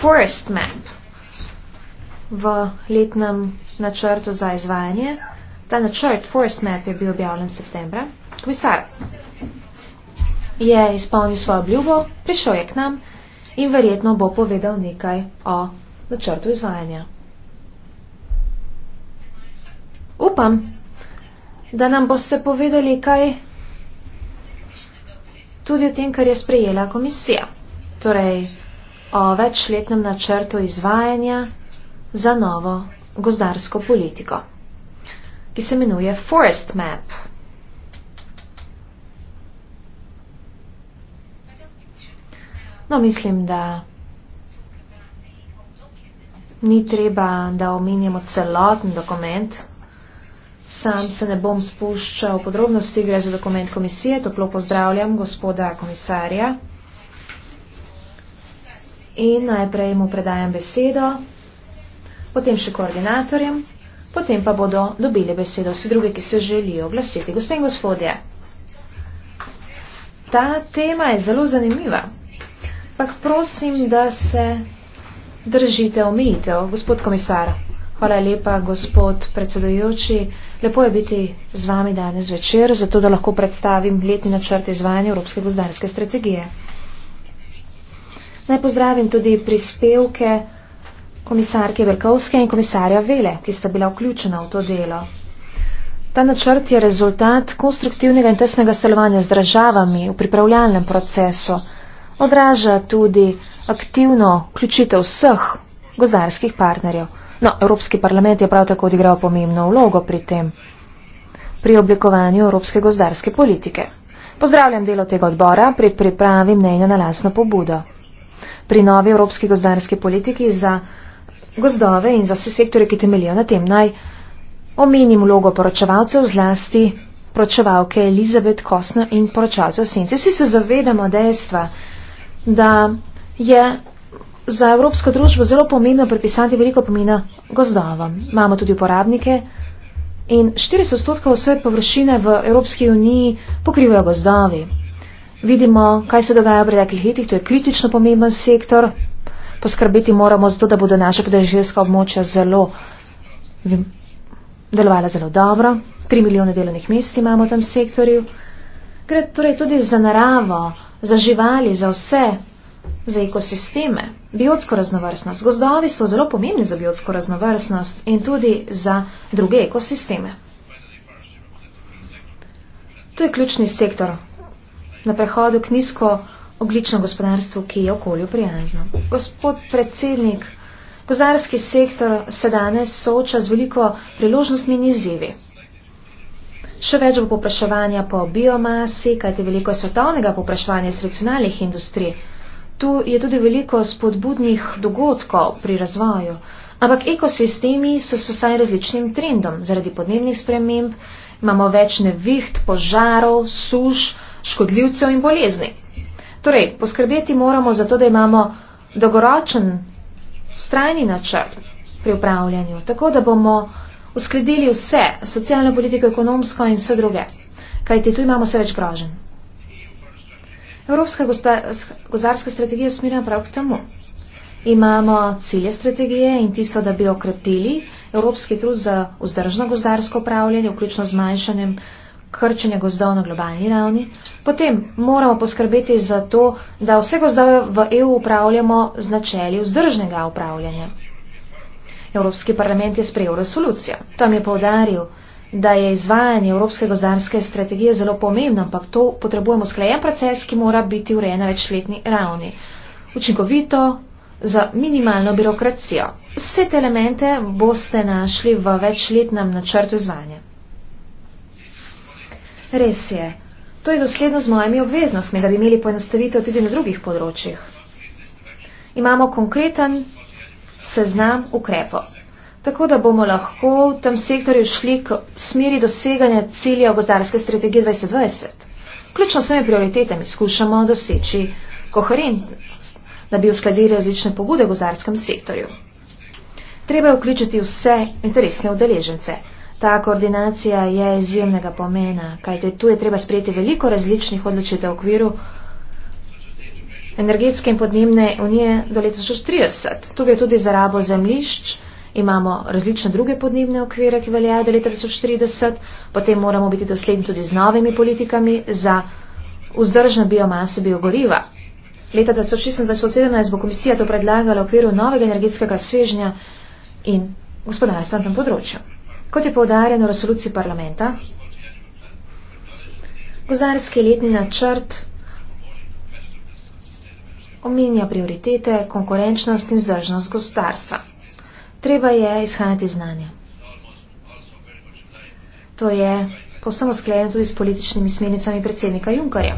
Forest Map v letnem načrtu za izvajanje. Ta načrt Forest Map je bil objavljen septembra. Komisar je izpolnil svojo obljubo, prišel je k nam in verjetno bo povedal nekaj o načrtu izvajanja. Upam, da nam boste povedali, kaj tudi o tem, kar je sprejela komisija, torej o večletnem načrtu izvajanja za novo gozdarsko politiko, ki se imenuje Forest Map. No, mislim, da ni treba, da omenjamo celoten dokument, Sam se ne bom spuščal v podrobnosti, gre za dokument komisije, toplo pozdravljam gospoda komisarja. In najprej mu predajam besedo, potem še koordinatorjem, potem pa bodo dobili besedo vsi druge, ki se želijo oglasiti. Gospod in gospodje, ta tema je zelo zanimiva, pa prosim, da se držite omejitev. Gospod komisar, hvala lepa, gospod predsedujoči. Lepo je biti z vami danes večer, zato da lahko predstavim letni načrt izvajanja Evropske gozdarske strategije. Naj pozdravim tudi prispevke komisarke Velkovske in komisarja Vele, ki sta bila vključena v to delo. Ta načrt je rezultat konstruktivnega in tesnega stelovanja z državami v pripravljalnem procesu. Odraža tudi aktivno vključitev vseh gozdarskih partnerjev. No, Evropski parlament je prav tako odigral pomembno vlogo pri tem, pri oblikovanju Evropske gozdarske politike. Pozdravljam delo tega odbora pri pripravi mnenja na lasno pobudo. Pri novi Evropski gozdarski politiki za gozdove in za vse sektore, ki temeljijo na tem, naj omenim vlogo poročevalcev zlasti poročevalke Elizabet Kosna in poročevalcev Senci. Vsi se zavedamo dejstva, da je za evropsko družbo zelo pomembno pripisati veliko pomena gozdovom. Imamo tudi uporabnike in 40 odstotkov vse površine v Evropski uniji pokrivajo gozdovi. Vidimo, kaj se dogaja v preteklih letih, to je kritično pomemben sektor. Poskrbeti moramo zato, da bodo naše podeželjska območja zelo, vem, delovala zelo dobro. 3 milijone delovnih mest imamo v tem sektorju. Gre torej tudi za naravo, za živali, za vse Za ekosisteme, biotsko raznovrstnost, gozdovi so zelo pomembni za biotsko raznovrstnost in tudi za druge ekosisteme. To je ključni sektor na prehodu k nizko ogličnem gospodarstvu, ki je okolju prijazno. Gospod predsednik, gozdarski sektor se danes soča z veliko priložnostmi in izzivi. Še več bo popraševanja po biomasi, kajte veliko je svetovnega popraševanja iz tradicionalnih industrij. Tu je tudi veliko spodbudnih dogodkov pri razvoju, ampak ekosistemi so spostali različnim trendom zaradi podnebnih sprememb, imamo več neviht, požarov, suš, škodljivcev in bolezni. Torej, poskrbeti moramo za to, da imamo dolgoročen, strajni načrt pri upravljanju, tako da bomo uskladili vse, socialno politiko, ekonomsko in vse druge, kajti tu imamo vse več groženj. Evropska gozarska strategija smirja prav k temu. Imamo cilje strategije in ti so, da bi okrepili evropski trud za vzdržno gozdarsko upravljanje, vključno z manjšanjem krčenja gozdov na globalni ravni. Potem moramo poskrbeti za to, da vse gozdove v EU upravljamo z načeli vzdržnega upravljanja. Evropski parlament je sprejel resolucijo. Tam je povdaril, da je izvajanje Evropske gozdarske strategije zelo pomembno, ampak to potrebujemo sklejen proces, ki mora biti urejen na večletni ravni. Učinkovito za minimalno birokracijo. Vse te elemente boste našli v večletnem načrtu izvajanja. Res je. To je dosledno z mojimi obveznostmi, da bi imeli poenostavitev tudi na drugih področjih. Imamo konkreten seznam ukrepov tako da bomo lahko v tem sektorju šli k smeri doseganja cilja gozdarske strategije 2020. Ključno s temi prioritetami skušamo doseči koherentnost, da bi uskladili različne pogude v gozdarskem sektorju. Treba je vključiti vse interesne udeležence. Ta koordinacija je izjemnega pomena, kajte tu je treba sprejeti veliko različnih odločitev v okviru energetske in podnebne unije do leta 2030. Tukaj je tudi zarabo zemlišč imamo različne druge podnebne okvire, ki veljajo do leta 2040, potem moramo biti dosledni tudi z novimi politikami za vzdržne biomase biogoriva. Leta 2016-2017 bo komisija to predlagala v okviru novega energetskega svežnja in gospodarstva na tem področju. Kot je povdarjeno v resoluciji parlamenta, gozarski letni načrt omenja prioritete konkurenčnost in zdržnost gospodarstva. Treba je izhajati znanje. To je posebno sklenjeno tudi s političnimi smernicami predsednika Junkarja.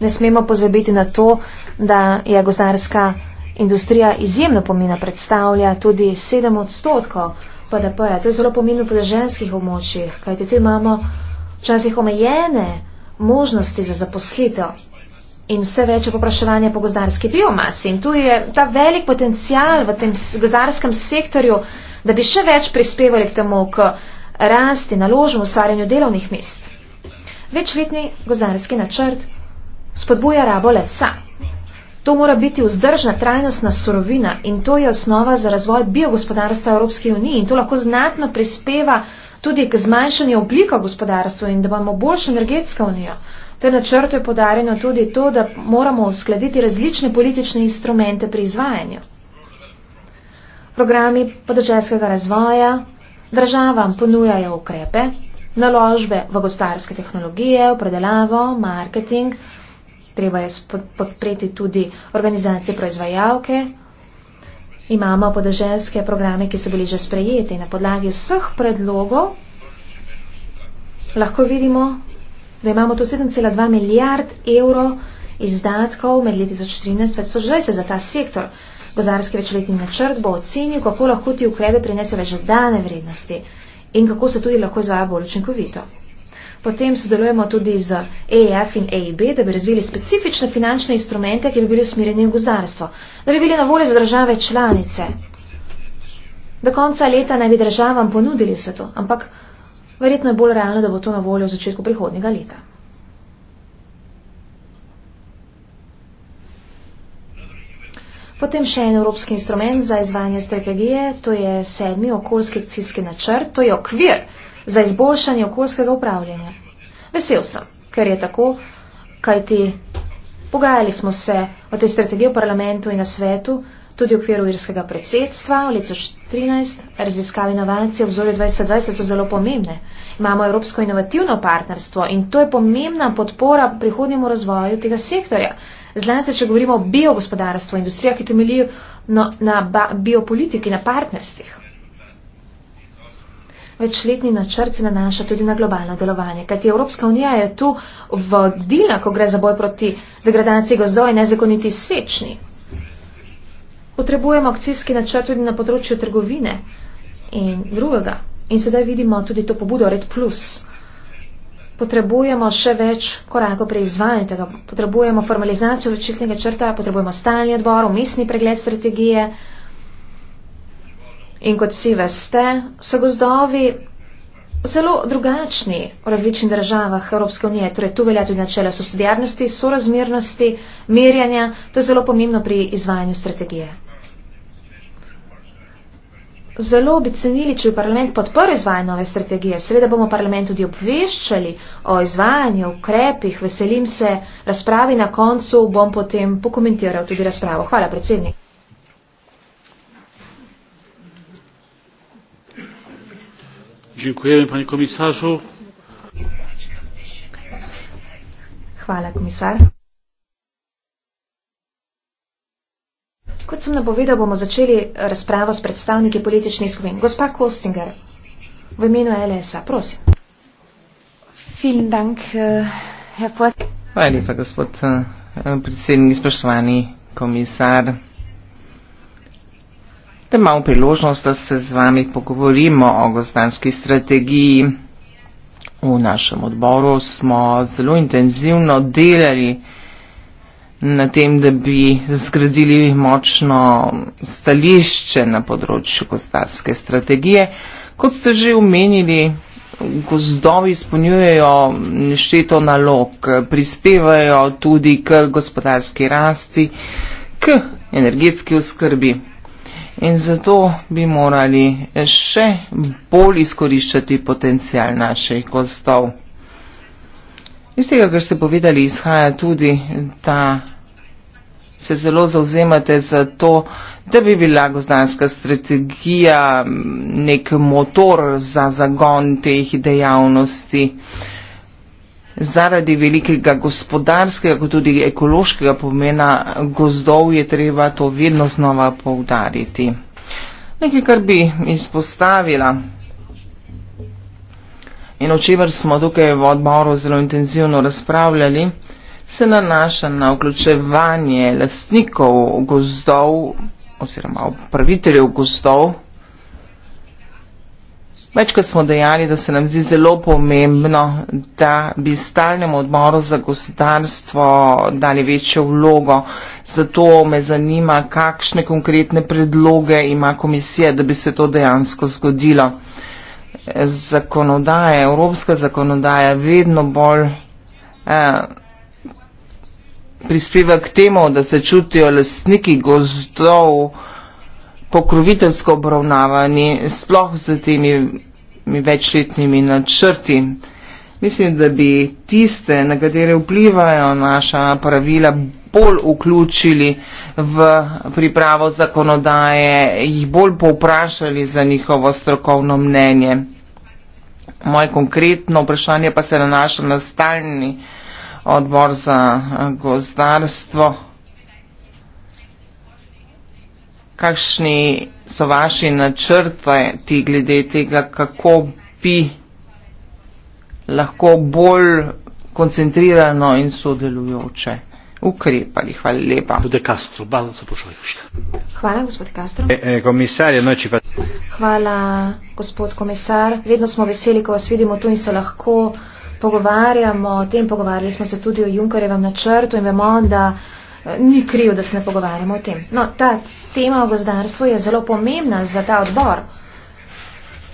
Ne smemo pozabiti na to, da je gozdarska industrija izjemno pomena predstavlja tudi 7 odstotkov PDP-ja. To je zelo pomembno v ženskih območjih, kajti tu imamo včasih omejene možnosti za zaposlitev in vse večje popraševanje po gozdarski biomasi. In tu je ta velik potencial v tem gozdarskem sektorju, da bi še več prispevali k temu, k rasti, naložbam, ustvarjanju delovnih mest. Večletni gozdarski načrt spodbuja rabo lesa. To mora biti vzdržna, trajnostna surovina in to je osnova za razvoj biogospodarstva Evropske unije in to lahko znatno prispeva tudi k zmanjšanju oblika gospodarstva in da bomo boljša energetska unija te načrte je podarjeno tudi to, da moramo uskladiti različne politične instrumente pri izvajanju. Programi podeželskega razvoja državam ponujajo ukrepe, naložbe v gospodarske tehnologije, v predelavo, marketing, treba je podpreti tudi organizacije proizvajalke. Imamo podeželske programe, ki so bili že sprejeti na podlagi vseh predlogov. Lahko vidimo, da imamo tu 7,2 milijard evrov izdatkov med leti 2013 in 2020 za ta sektor. Gozarski večletni načrt bo ocenil, kako lahko ti ukrepe prinesejo več dane vrednosti in kako se tudi lahko izvaja bolj učinkovito. Potem sodelujemo tudi z EF in EIB, da bi razvili specifične finančne instrumente, ki bi bili usmerjeni v gozdarstvo, da bi bili na voljo za države članice. Do konca leta naj bi državam ponudili vse to, ampak Verjetno je bolj realno, da bo to na voljo v začetku prihodnjega leta. Potem še en evropski instrument za izvajanje strategije, to je sedmi okoljski akcijski načrt, to je okvir za izboljšanje okoljskega upravljanja. Vesel sem, ker je tako, kajti pogajali smo se o tej strategiji v parlamentu in na svetu, tudi v okviru irskega predsedstva v letu 2013. Raziskave inovacije v vzorju 2020 so zelo pomembne. Imamo evropsko inovativno partnerstvo in to je pomembna podpora prihodnjemu razvoju tega sektorja. Zlasti, če govorimo o biogospodarstvu, industrija, ki temelji no, na biopolitiki, na partnerstvih. Večletni načrt se nanaša tudi na globalno delovanje, kajti Evropska unija je tu vodila, ko gre za boj proti degradaciji gozdov in nezakoniti sečni potrebujemo akcijski načrt tudi na področju trgovine in drugega. In sedaj vidimo tudi to pobudo Red Plus. Potrebujemo še več korakov pri izvajanju tega. Potrebujemo formalizacijo večitnega črta, potrebujemo stalni odbor, umestni pregled strategije. In kot vsi veste, so gozdovi zelo drugačni v različnih državah Evropske unije. Torej tu velja tudi načelo subsidijarnosti, sorazmernosti, merjanja. To je zelo pomembno pri izvajanju strategije zelo bi cenili, če bi parlament podporil izvajanje nove strategije. Seveda bomo parlament tudi obveščali o izvajanju, ukrepih. Veselim se razpravi na koncu, bom potem pokomentiral tudi razpravo. Hvala, predsednik.
Dziękujemy panie komisarzu.
Hvala komisar. Kot sem napovedal, bomo začeli razpravo s predstavniki političnih skupin. Gospa Kostinger, v imenu LSA, prosim. Vielen Dank, eh, Herr Vorsitzender.
Hvala lepa, gospod eh, predsednik, spoštovani komisar. Da imamo priložnost, da se z vami pogovorimo o gospodarski strategiji. V našem odboru smo zelo intenzivno delali na tem, da bi zgradili močno stališče na področju gozdarske strategije. Kot ste že omenili, gozdovi izpolnjujejo nešteto nalog, prispevajo tudi k gospodarski rasti, k energetski oskrbi. In zato bi morali še bolj izkoriščati potencijal naših gozdov. Iz tega, kar ste povedali, izhaja tudi ta, se zelo zauzemate za to, da bi bila gozdanska strategija nek motor za zagon teh dejavnosti zaradi velikega gospodarskega kot tudi ekološkega pomena gozdov je treba to vedno znova poudariti. Nekaj, kar bi izpostavila in o čemer smo tukaj v odboru zelo intenzivno razpravljali, se nanaša na vključevanje lastnikov gozdov oziroma upraviteljev gozdov. Večkrat smo dejali, da se nam zdi zelo pomembno, da bi stalnemu odboru za gospodarstvo dali večjo vlogo. Zato me zanima, kakšne konkretne predloge ima komisija, da bi se to dejansko zgodilo zakonodaje, evropska zakonodaja vedno bolj eh, prispeva k temu, da se čutijo lastniki gozdov pokrovitelsko obravnavani, sploh z temi večletnimi načrti. Mislim, da bi tiste, na katere vplivajo naša pravila, bolj vključili v pripravo zakonodaje, jih bolj povprašali za njihovo strokovno mnenje. Moje konkretno vprašanje pa se nanaša na stalni odbor za eh, gozdarstvo. Kakšni so vaši načrti glede tega, kako bi lahko bolj koncentrirano in sodelujoče? ukrepali. Hvala lepa.
Hvala, gospod Castro. E, e, Hvala, gospod komisar. Vedno smo veseli, ko vas vidimo tu in se lahko pogovarjamo o tem. Pogovarjali smo se tudi o Junkarjevem načrtu in vemo, da e, ni kriv, da se ne pogovarjamo o tem. No, ta tema o gozdarstvu je zelo pomembna za ta odbor.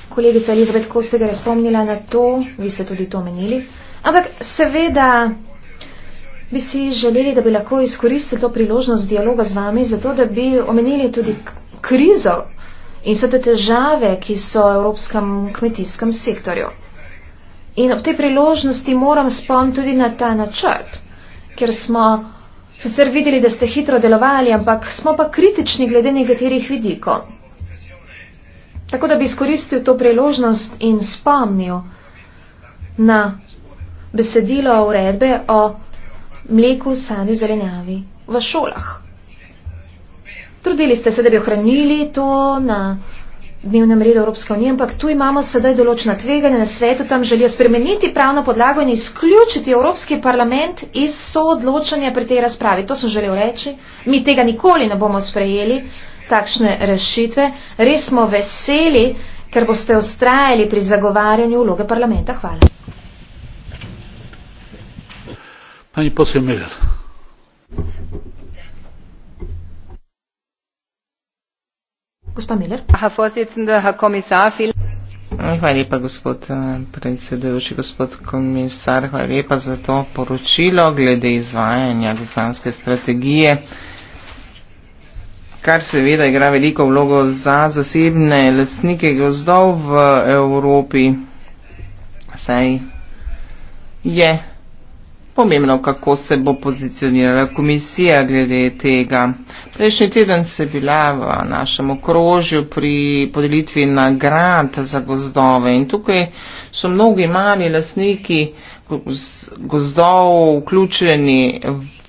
Kolegica Elizabet, ko ste ga razpomnila na to, vi ste tudi to menili. Ampak seveda bi si želeli, da bi lahko izkoristili to priložnost dialoga z vami, zato da bi omenili tudi krizo in so te težave, ki so v evropskem kmetijskem sektorju. In ob tej priložnosti moram spomniti tudi na ta načrt, ker smo sicer videli, da ste hitro delovali, ampak smo pa kritični glede nekaterih vidikov. Tako da bi izkoristil to priložnost in spomnil na besedilo uredbe o mleku, sadju, zelenjavi, v šolah. Trudili ste se, da bi ohranili to na dnevnem redu Evropske unije, ampak tu imamo sedaj določena tveganja na svetu, tam želijo spremeniti pravno podlago in izključiti Evropski parlament iz soodločanja pri tej razpravi. To sem želel reči. Mi tega nikoli ne bomo sprejeli, takšne rešitve. Res smo veseli, ker boste ustrajali pri zagovarjanju vloge parlamenta. Hvala.
Pani poseł
Miller. Hvala lepa, gospod eh, predsedujoči, gospod komisar. Hvala lepa za to poročilo glede izvajanja gospodarske strategije, kar seveda igra veliko vlogo za zasebne lasnike gozdov v Evropi. Saj je. Yeah pomembno, kako se bo pozicionirala komisija glede tega. Prejšnji teden se je bila v našem okrožju pri podelitvi nagrad za gozdove in tukaj so mnogi mali lasniki gozdov vključeni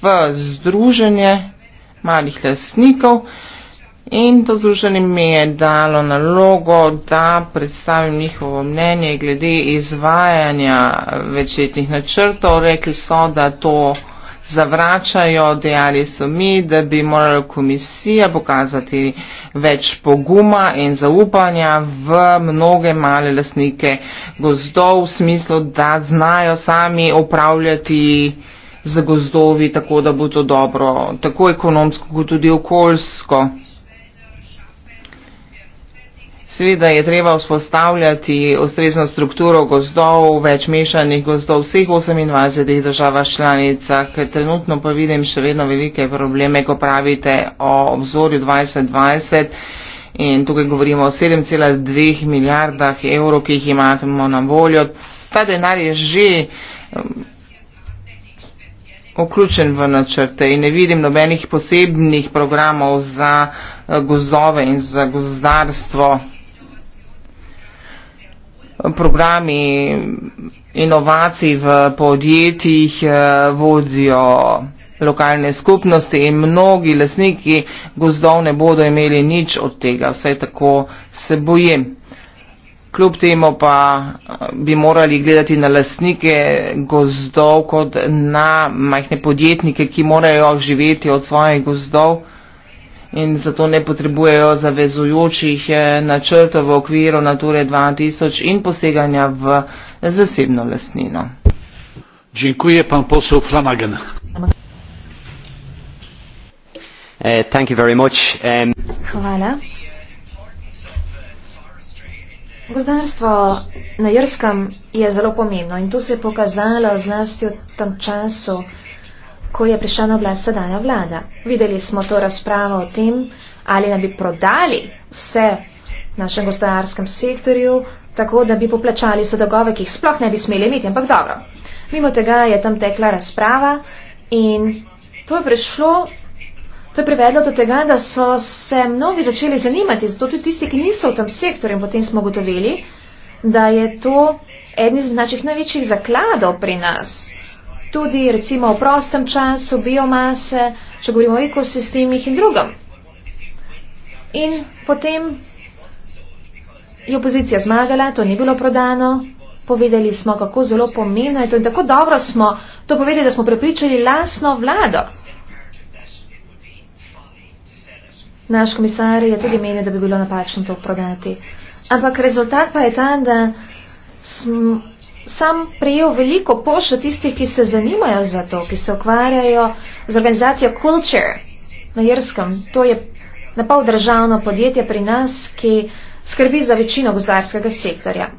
v združenje malih lasnikov. In to združenje mi je dalo nalogo, da predstavim njihovo mnenje glede izvajanja večetnih načrtov. Rekli so, da to zavračajo, dejali so mi, da bi morala komisija pokazati več poguma in zaupanja v mnoge male lasnike gozdov, v smislu, da znajo sami upravljati z gozdovi, tako da bo to dobro, tako ekonomsko kot tudi okoljsko. Seveda je treba vzpostavljati ustrezno strukturo gozdov, več mešanih gozdov v vseh 28 državah članicah. Trenutno pa vidim še vedno velike probleme, ko pravite o obzorju 2020 in tukaj govorimo o 7,2 milijardah evrov, ki jih imamo na voljo. Ta denar je že vključen v načrte in ne vidim nobenih posebnih programov za eh, gozdove in za gozdarstvo programi inovacij v podjetjih eh, vodijo lokalne skupnosti in mnogi lasniki gozdov ne bodo imeli nič od tega, vsaj tako se bojim. Kljub temu pa eh, bi morali gledati na lasnike gozdov kot na majhne podjetnike, ki morajo živeti od svojih gozdov in zato ne potrebujejo zavezujočih eh, načrtov v okviru Nature 2000 in poseganja v zasebno lasnino. Dziękuję pan poseł Flanagan. Uh, thank you very much. Um... Hvala.
Gozdarstvo na Jrskem je zelo pomembno in to se je pokazalo zlasti v tem času, ko je prišla na oblast sedanja vlada. Videli smo to razpravo o tem, ali naj bi prodali vse v našem gospodarskem sektorju, tako da bi poplačali vse dogove, ki jih sploh ne bi smeli imeti, ampak dobro. Mimo tega je tam tekla razprava in to je prišlo. To je privedlo do tega, da so se mnogi začeli zanimati, zato tudi tisti, ki niso v tem sektorju, in potem smo ugotovili, da je to eden iz naših največjih zakladov pri nas tudi recimo v prostem času, biomase, če govorimo o ekosistemih in drugom. In potem je opozicija zmagala, to ni bilo prodano, povedali smo, kako zelo pomembno je to in tako dobro smo to povedali, da smo prepričali lasno vlado. Naš komisar je tudi menil, da bi bilo napačno to prodati. Ampak rezultat pa je ta, da smo sam prejel veliko pošto tistih, ki se zanimajo za to, ki se ukvarjajo z organizacijo Culture na Jerskem. To je napol državno podjetje pri nas, ki skrbi za večino gozdarskega sektorja.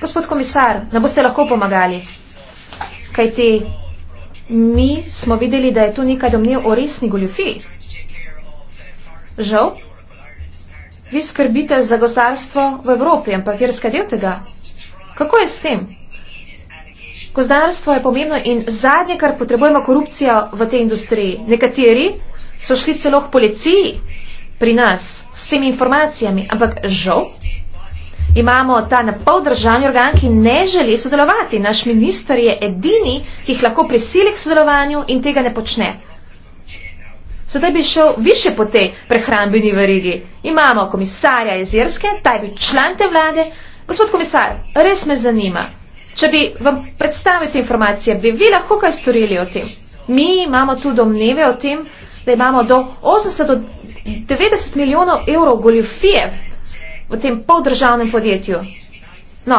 Gospod komisar, nam boste lahko pomagali, kajti mi smo videli, da je tu nekaj domnev o resni goljufiji. Žal, vi skrbite za gozdarstvo v Evropi, ampak Jerska del tega Kako je s tem? Gozdarstvo je pomembno in zadnje, kar potrebujemo, korupcija v tej industriji. Nekateri so šli celo k policiji pri nas s temi informacijami, ampak žal imamo ta napol državni organ, ki ne želi sodelovati. Naš minister je edini, ki jih lahko prisili k sodelovanju in tega ne počne. Sedaj bi šel više po tej prehrambeni verigi. Imamo komisarja iz Irske, ta je bil član te vlade, Gospod komisar, res me zanima. Če bi vam predstavili te informacije, bi vi lahko kaj storili o tem? Mi imamo tu domneve o tem, da imamo do 80 do 90 milijonov evrov goljofije v tem poldržavnem podjetju. No,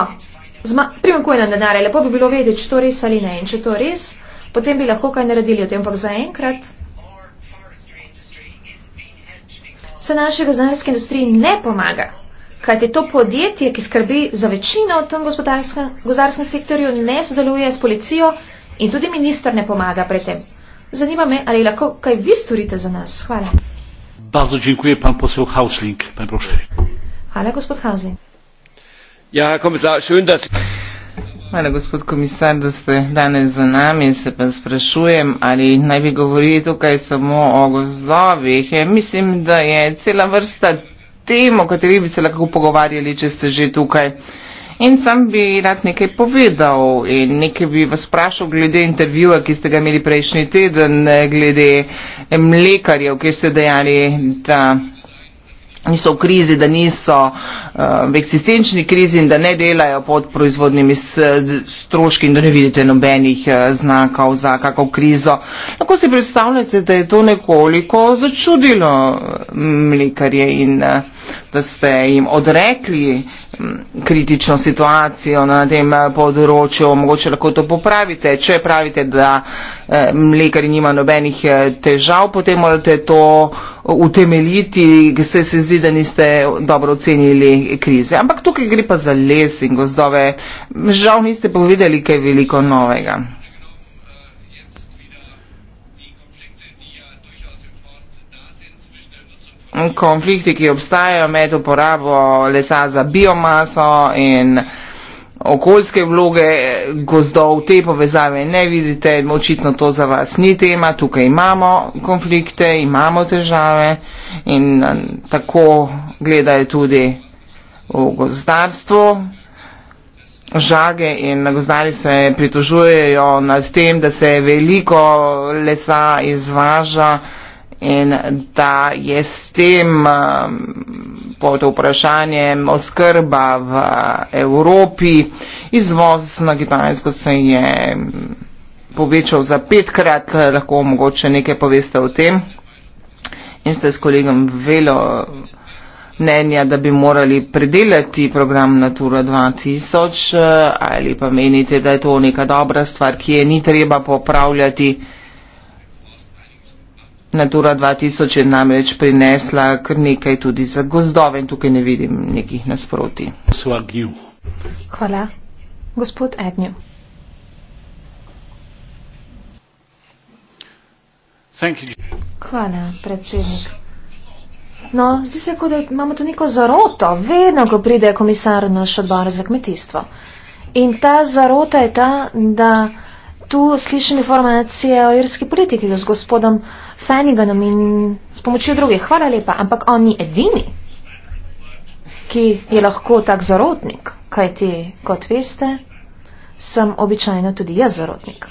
primankuje na denarje, lepo bi bilo vedeti, če to res ali ne. In če to res, potem bi lahko kaj naredili o tem, ampak zaenkrat. Se našega znanstvenega industrija ne pomaga. Kajti to podjetje, ki skrbi za večino v tem gozdarskem sektorju, ne sodeluje s policijo in tudi minister ne pomaga pri tem. Zanima me, ali lahko kaj vi storite za nas. Hvala.
Bardzo dziękuję
pan poseł Hausling. Pan proszę.
Hvala, gospod Hausling.
Ja, komisar, schön, dass... Hvala, gospod komisar, da ste danes za nami. Se pa sprašujem, ali naj bi govorili tukaj samo o gozdovih. Mislim, da je cela vrsta tem, o kateri bi se lahko pogovarjali, če ste že tukaj. In sam bi rad nekaj povedal in nekaj bi vas vprašal glede intervjuja, ki ste ga imeli prejšnji teden, eh, glede mlekarjev, ki ste dejali, da niso v krizi, da niso uh, v eksistenčni krizi in da ne delajo pod proizvodnimi stroški in da ne vidite nobenih uh, znakov za kako krizo. Lahko si predstavljate, da je to nekoliko začudilo eh, mlikarje in uh, da ste jim odrekli uh, Mm, kritično situacijo na tem eh, področju, mogoče lahko to popravite. Če pravite, da eh, mlekari nima nobenih eh, težav, potem morate to utemeljiti, se se zdi, da niste dobro ocenili krize. Ampak tukaj gre pa za les in gozdove. Žal niste povedali kaj veliko novega. konflikti, ki obstajajo med uporabo lesa za biomaso in okoljske vloge gozdov, te povezave ne vidite, očitno to za vas ni tema, tukaj imamo konflikte, imamo težave in um, tako gledajo tudi v gozdarstvu. Žage in gozdari se pritožujejo nad tem, da se veliko lesa izvaža in da je s tem um, pod vprašanjem oskrba v Evropi izvoz na Kitajsko se je povečal za petkrat, lahko mogoče nekaj poveste o tem in ste s kolegom velo mnenja, da bi morali predelati program Natura 2000 eh, ali pa menite, da je to neka dobra stvar, ki je ni treba popravljati. Natura 2000 je namreč prinesla kar nekaj tudi za gozdove in tukaj ne vidim nekih nasproti.
Hvala. Gospod Ednju. Hvala, predsednik. No, zdi se, kot da imamo tu neko zaroto, vedno, ko pride komisar naš odbor za kmetijstvo. In ta zarota je ta, da tu slišim informacije o irski politiki, da s gospodom uh, Fenniganom in s pomočjo drugih. Hvala lepa, ampak on ni edini, ki je lahko tak zarotnik, kaj ti, kot veste, sem običajno tudi jaz zarotnik.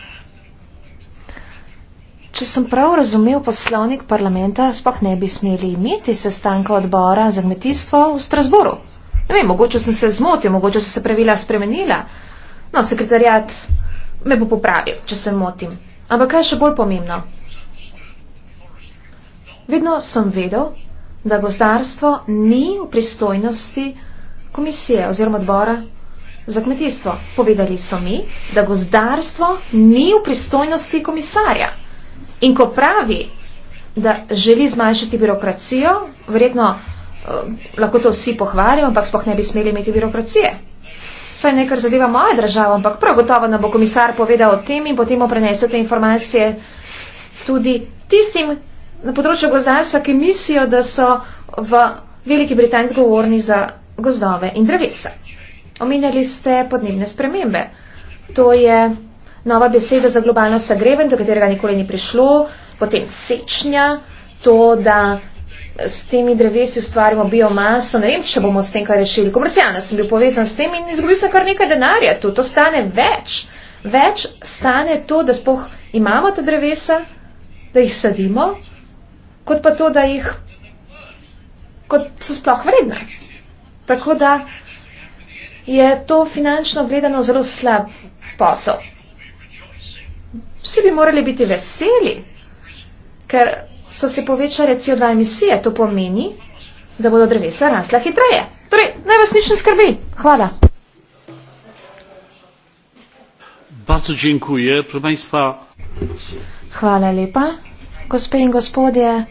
Če sem prav razumel poslovnik parlamenta, spoh ne bi smeli imeti sestanka odbora za kmetijstvo v Strasburu. Ne vem, mogoče sem se zmotil, mogoče so se pravila spremenila. No, sekretarjat me bo popravil, če se motim. Ampak kaj je še bolj pomembno? Vedno sem vedel, da gozdarstvo ni v pristojnosti komisije oziroma odbora za kmetijstvo. Povedali so mi, da gozdarstvo ni v pristojnosti komisarja. In ko pravi, da želi zmanjšati birokracijo, verjetno eh, lahko to vsi pohvalijo, ampak spoh ne bi smeli imeti birokracije. Saj nekar zadeva moja država, ampak prav gotovo nam bo komisar povedal o tem in potem mu prenesete informacije tudi tistim, na področju gozdarstva, ki mislijo, da so v Veliki Britaniji odgovorni za gozdove in drevesa. Omenjali ste podnebne spremembe. To je nova beseda za globalno sagreven, do katerega nikoli ni prišlo, potem sečnja, to, da s temi drevesi ustvarimo biomaso. Ne vem, če bomo s tem kaj rešili. Komercialno sem bil povezan s tem in izgubil sem kar nekaj denarja. Tu to stane več. Več stane to, da spoh imamo ta drevesa, da jih sadimo, kot pa to, da jih kot so sploh vredne. Tako da je to finančno gledano zelo slab posel. Vsi bi morali biti veseli, ker so se povečale CO2 emisije. To pomeni, da bodo drevesa rasla hitreje. Torej, naj vas nič ne skrbi. Hvala.
Bardzo dziękuję, proszę Państwa.
Chwale lepa, gospe i gospodje.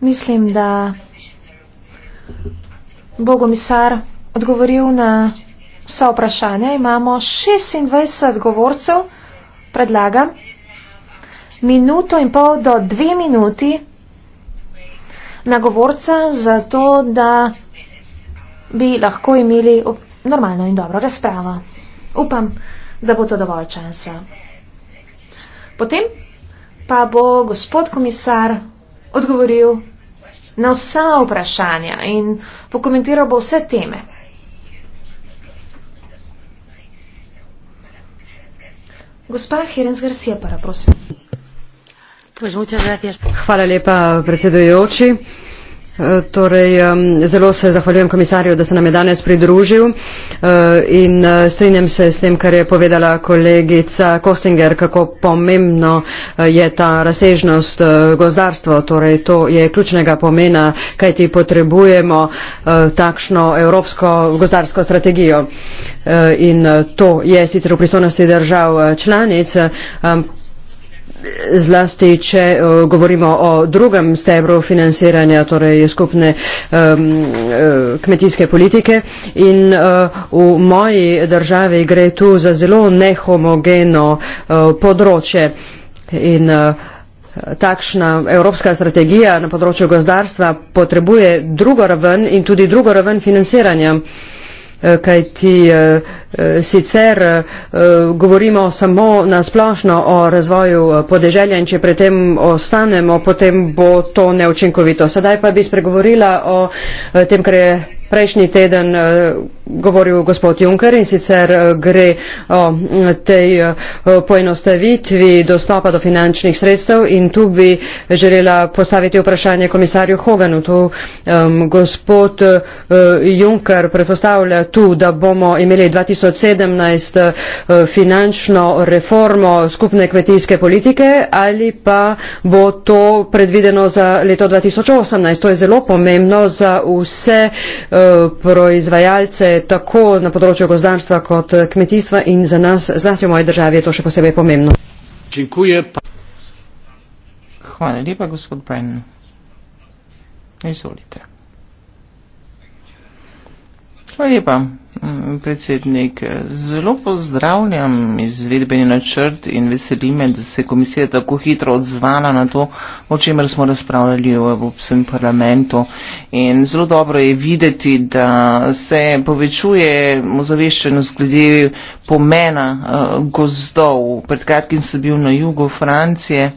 Mislim, da bo komisar odgovoril na vsa vprašanja. Imamo 26 govorcev, predlagam. Minuto in pol do dve minuti na govorca, zato da bi lahko imeli normalno in dobro razpravo. Upam, da bo to dovolj časa. Potem pa bo gospod komisar odgovoril na vsa vprašanja in pokomentiral bo vse teme. Gospa Hirens Garcia, para prosim.
Hvala lepa, predsedujoči. Eh, torej, zelo se zahvaljujem komisarju, da se nam je danes pridružil eh, in eh, strinjam se s tem, kar je povedala kolegica Kostinger, kako pomembno je ta razsežnost gozdarstva. Torej, to je ključnega pomena, kaj ti potrebujemo takšno evropsko gozdarsko strategijo. In to je sicer v pristojnosti držav članic zlasti, če eh, govorimo o drugem stebru financiranja, torej skupne um, kmetijske politike. In uh, v moji državi gre tu za zelo nehomogeno uh, področje. In, uh, Takšna evropska strategija na področju gozdarstva potrebuje drugo raven in tudi drugo raven financiranja. Uh, Eh, kajti eh, eh, sicer govorimo samo na splošno o razvoju podeželja in če pri tem ostanemo, potem bo to neučinkovito. Sedaj pa bi spregovorila o tem, kar je prejšnji teden eh, govoril gospod Juncker in sicer eh, gre o tej eh, poenostavitvi dostopa do finančnih sredstev in tu bi želela postaviti vprašanje komisarju Hoganu. Tu um, gospod Juncker predpostavlja tu, da bomo imeli 2017 finančno reformo skupne kmetijske politike ali pa bo to predvideno za leto 2018. To je zelo pomembno za vse. Um, Eh, proizvajalce tako na področju gozdarstva kot kmetijstva in za nas, zlasti v moji državi, je to še posebej pomembno.
Činkuje. Hvala lepa, gospod Brennan. Izvolite. Hvala lepa, mm, predsednik. Zelo pozdravljam izvedbeni načrt in veselim me, da se komisija tako hitro odzvala na to, o čemer smo razpravljali v Evropskem parlamentu. In zelo dobro je videti, da se povečuje ozaveščenost glede pomena eh, gozdov. Pred kratkim sem bil na jugu Francije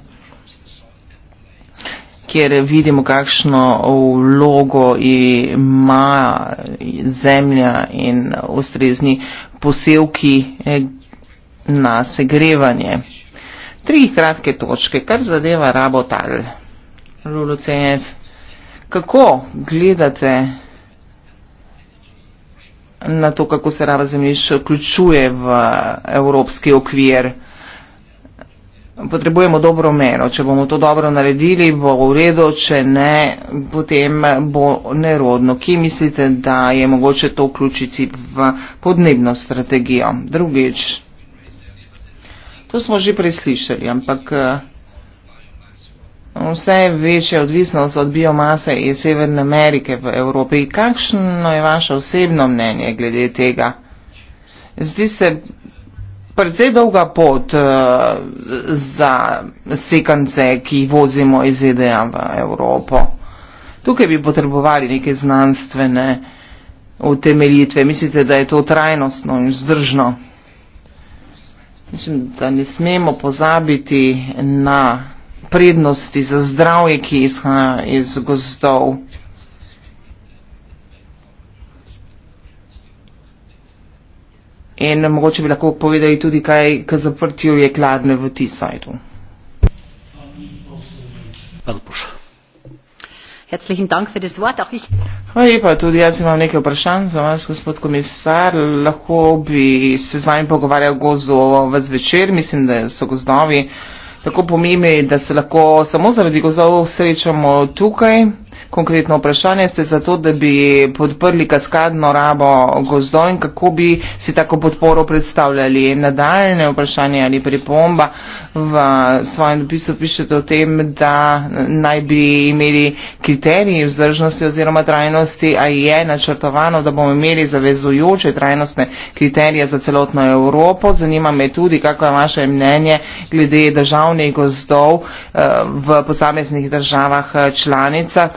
kjer vidimo, kakšno vlogo ima zemlja in ustrezni posevki eh, na segrevanje. Tri kratke točke, kar zadeva rabo tal. Lulucenjev, kako gledate na to, kako se raba zemljišča vključuje v evropski okvir? potrebujemo dobro mero. Če bomo to dobro naredili, bo v redu, če ne, potem bo nerodno. Kje mislite, da je mogoče to vključiti v podnebno strategijo? Drugič, to smo že preslišali, ampak eh, vse večja odvisnost od biomase iz Severne Amerike v Evropi. Kakšno je vaše osebno mnenje glede tega? Zdi se, precej dolga pot uh, za sekance, ki vozimo iz ZDA v Evropo. Tukaj bi potrebovali neke znanstvene utemeljitve. Mislite, da je to trajnostno in vzdržno? Mislim, da ne smemo pozabiti na prednosti za zdravje, ki izhaja iz gozdov. in mogoče bi lahko povedali tudi kaj k zaprtju je kladne v T-sajtu. Hvala lepa, tudi jaz imam nekaj vprašanj za vas, gospod komisar. Lahko bi se z vami pogovarjal gozdo v zvečer, mislim, da so gozdovi tako pomembni, da se lahko samo zaradi gozdov srečamo tukaj konkretno vprašanje ste za to, da bi podprli kaskadno rabo gozdov in kako bi si tako podporo predstavljali. Nadaljne vprašanje ali pripomba v svojem dopisu pišete o tem, da naj bi imeli kriteriji vzdržnosti oziroma trajnosti, a je načrtovano, da bomo imeli zavezujoče trajnostne kriterije za celotno Evropo. Zanima me tudi, kako je vaše mnenje glede državnih gozdov eh, v posameznih državah eh, članicah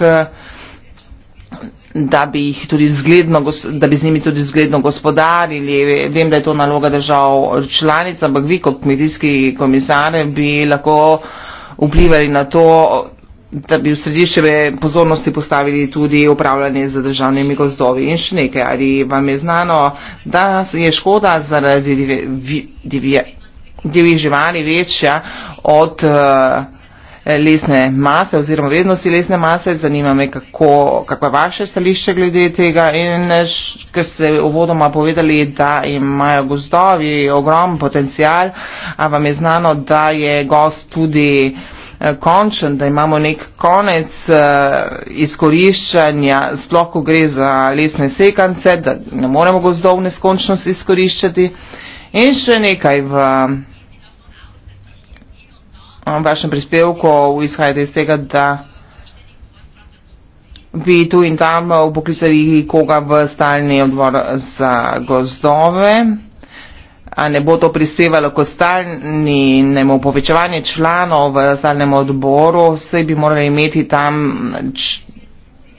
da bi, jih tudi zgledno, da bi z njimi tudi zgledno gospodarili. Vem, da je to naloga držav članic, ampak vi kot kmetijski komisar bi lahko vplivali na to, da bi v središče pozornosti postavili tudi upravljanje z državnimi gozdovi. In še nekaj, ali vam je znano, da je škoda zaradi divjih živali večja od. Uh, lesne mase oziroma vrednosti lesne mase. Zanima me, kako, kako je vaše stališče glede tega in eh, š, ker ste uvodoma povedali, da imajo gozdovi ogrom potencial, a vam je znano, da je gost tudi eh, končen, da imamo nek konec uh, izkoriščanja, sploh ko gre za lesne sekance, da ne moremo gozdov neskončnost izkoriščati. In še nekaj v. Uh, Eh, vašem prispevku izhajate iz tega, da bi tu in tam upoklicali koga v stalni odbor za gozdove. A ne bo to prispevalo k stalnemu povečevanju članov v stalnem odboru, vsi bi morali imeti tam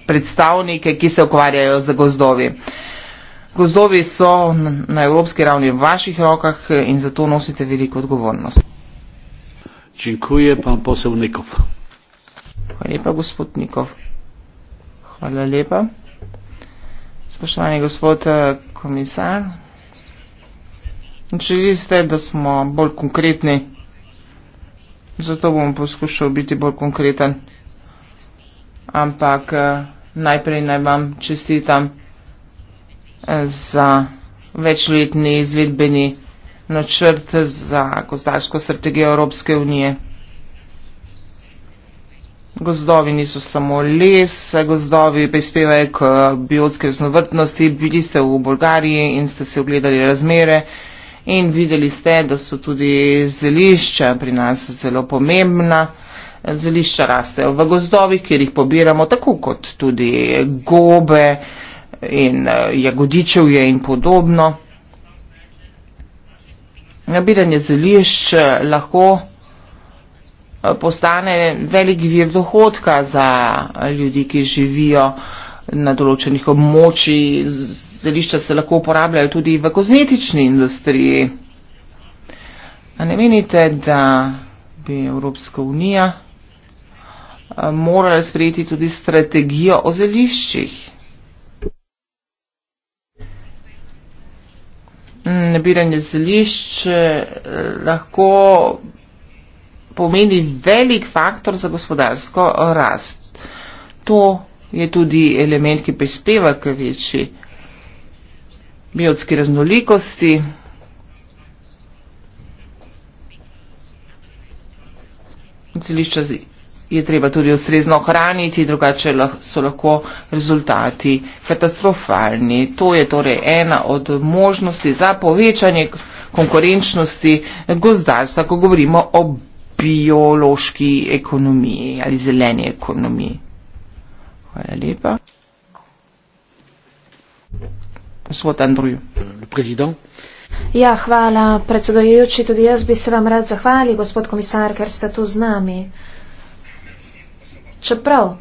predstavnike, ki se ukvarjajo z gozdovi. Gozdovi so na evropski ravni v vaših rokah in zato nosite veliko odgovornost. Dziękuję. Pan poseł Nykow. Chwalepa, gospod Nykow. Hvala lepa. Spoštovani gospod eh, komisar, učili ste, da smo bolj konkretni, zato bom poskušal biti bolj konkreten. Ampak eh, najprej naj vam čestitam eh, za večletni izvedbeni načrt za gozdarsko strategijo Evropske unije. Gozdovi niso samo les, gozdovi prispevajo k biotske raznovrtnosti. Bili ste v Bolgariji in ste se ogledali razmere in videli ste, da so tudi zelišča pri nas zelo pomembna. Zelišča rastejo v gozdovih, kjer jih pobiramo, tako kot tudi gobe in eh, jagodičevje in podobno nabiranje zelišč eh, lahko eh, postane velik vir dohodka za eh, ljudi, ki živijo na določenih območjih. Zelišča se lahko uporabljajo tudi v kozmetični industriji. A ne menite, da bi Evropska unija morala sprejeti tudi strategijo o zeliščih? nabiranje zelišč eh, lahko pomeni velik faktor za gospodarsko rast. To je tudi element, ki prispeva k večji biotski raznolikosti. Zelišča je treba tudi ustrezno hraniti, drugače so lahko rezultati katastrofalni. To je torej ena od možnosti za povečanje konkurenčnosti gozdarstva, ko govorimo o biološki ekonomiji ali zeleni ekonomiji. Hvala lepa. Gospod Andruj.
Ja, hvala predsedojoči, tudi jaz bi se vam rad zahvalil, gospod komisar, ker ste tu z nami čeprav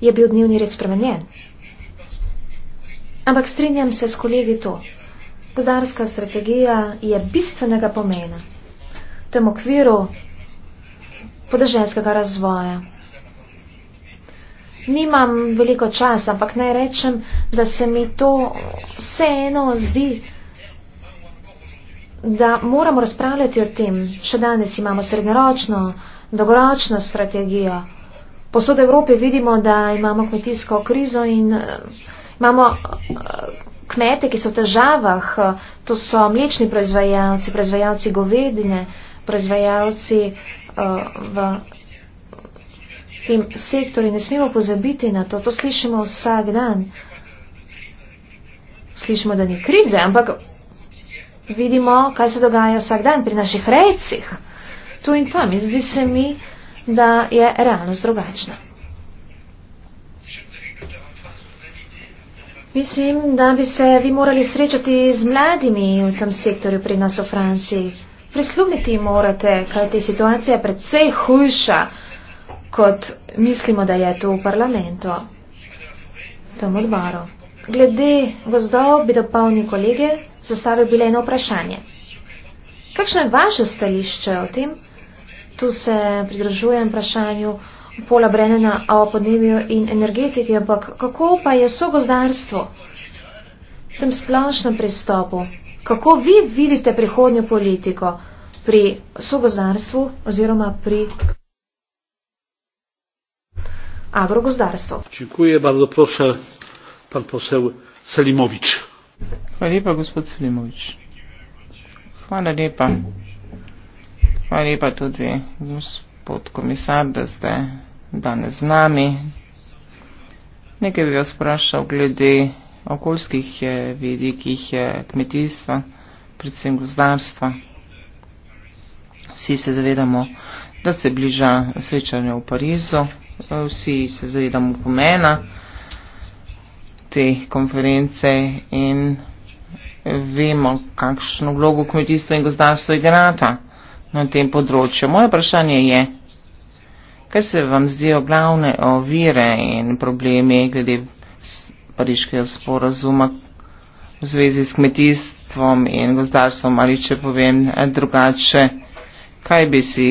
je bil dnevni red spremenjen. Ampak strinjam se s kolegi to. Gozdarska strategija je bistvenega pomena v tem okviru podeželjskega razvoja. Nimam veliko časa, ampak naj rečem, da se mi to vseeno zdi, da moramo razpravljati o tem. Še danes imamo srednjeročno dolgoročno strategijo. Posod v Evropi vidimo, da imamo kmetijsko krizo in eh, imamo eh, kmete, ki so v težavah. Eh, to so mlečni proizvajalci, proizvajalci govedine, proizvajalci v tem sektorju. Ne smemo pozabiti na to. To slišimo vsak dan. Slišimo, da ni krize, ampak vidimo, kaj se dogaja vsak dan pri naših rejcih tu in tam. In zdi se mi, da je realnost drugačna. Mislim, da bi se vi morali srečati z mladimi v tem sektorju pri nas v Franciji. Prisluhniti morate, kaj te situacija je predvsej hujša, kot mislimo, da je tu v parlamentu, v tem odboru. Glede gozdov bi dopolnil kolege, zastavil bi le eno vprašanje. Kakšno je vaše stališče o tem, Tu se pridržujem vprašanju pola Brenena o podnebju in energetiki, ampak kako pa je so gozdarstvo v tem splošnem pristopu? Kako vi vidite prihodnjo politiko pri sogozdarstvu oziroma
pri agrogozdarstvu?
Čekuje bardzo proszę pan poseł Selimovič.
Hvala lepa, gospod Selimovič. Hvala lepa. Hvala lepa. Hvala lepa tudi, gospod komisar, da ste danes z nami. Nekaj bi vas vprašal glede okoljskih eh, vidikih eh, kmetijstva, predvsem gozdarstva. Vsi se zavedamo, da se bliža srečanje v Parizu, vsi se zavedamo pomena te konference in vemo, kakšno vlogo kmetijstvo in gozdarstvo igrata na tem področju. Moje vprašanje je, kaj se vam zdijo glavne ovire in problemi glede pariškega sporazuma v zvezi s kmetijstvom in gozdarstvom ali če povem eh, drugače, kaj bi si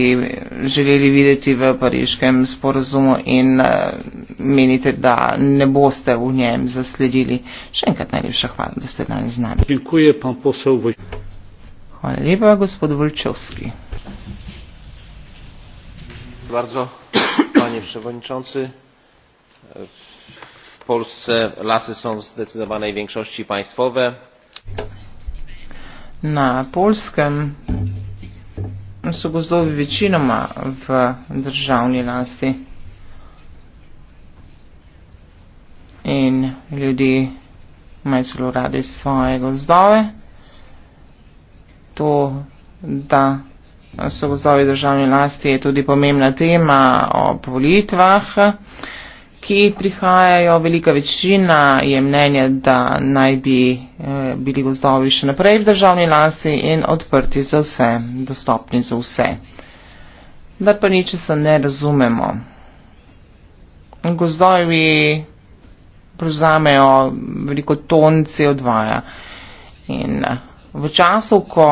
želeli videti v pariškem sporazumu in eh, menite, da ne boste v njem zasledili. Še enkrat najlepša hvala, da ste danes z nami. Hvala lepa, gospod Volčovski panie przewodniczący! w polsce lasy są w zdecydowanej większości państwowe. na polskim są gozdowi większość w državni lasti. in ljudje imajo celo radi svoje gozdove. To, da so gozdovi državni lasti je tudi pomembna tema o volitvah, ki prihajajo. Velika večina je mnenja, da naj bi eh, bili gozdovi še naprej v državni lasti in odprti za vse, dostopni za vse. Da pa niče se ne razumemo. Gozdovi prevzamejo veliko tonci odvaja. In v času, ko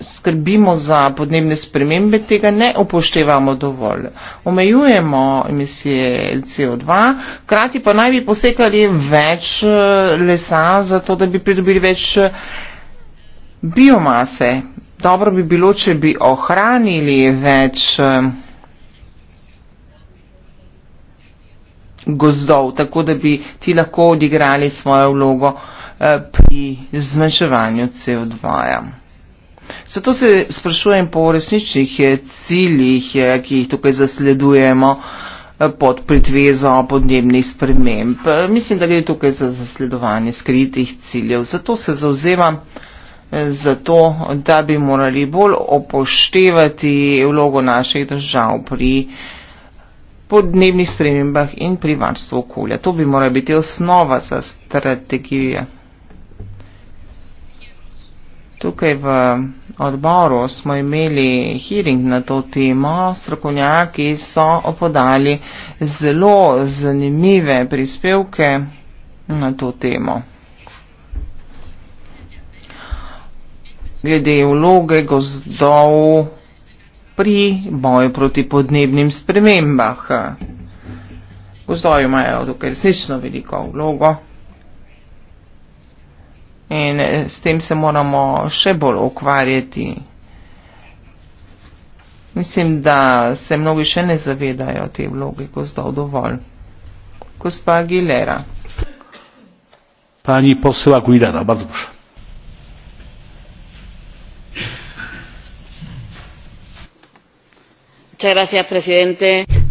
skrbimo za podnebne spremembe, tega ne upoštevamo dovolj. Omejujemo emisije CO2, krati pa naj bi posekali več eh, lesa, zato da bi pridobili več eh, biomase. Dobro bi bilo, če bi ohranili več eh, gozdov, tako da bi ti lahko odigrali svojo vlogo pri zmanjševanju CO2. -ja. Zato se sprašujem po resničnih eh, ciljih, eh, ki jih tukaj zasledujemo eh, pod pritvezo podnebnih sprememb. Mislim, da gre tukaj za zasledovanje skritih ciljev. Zato se zauzemam za to, da bi morali bolj opoštevati vlogo naših držav pri podnebnih spremembah in pri varstvu okolja. To bi morala biti osnova za strategije tukaj v odboru smo imeli hearing na to temo, strokovnjaki so opodali zelo zanimive prispevke na to temo. Glede vloge gozdov pri boju proti podnebnim spremembah. Gozdovi imajo tukaj resnično veliko vlogo. In eh, s tem se moramo še bolj ukvarjati. Mislim, da se mnogi še ne zavedajo te vloge gozdov dovolj. Gospa Aguilera.
Pani posel Aguilera, bardzo proszę.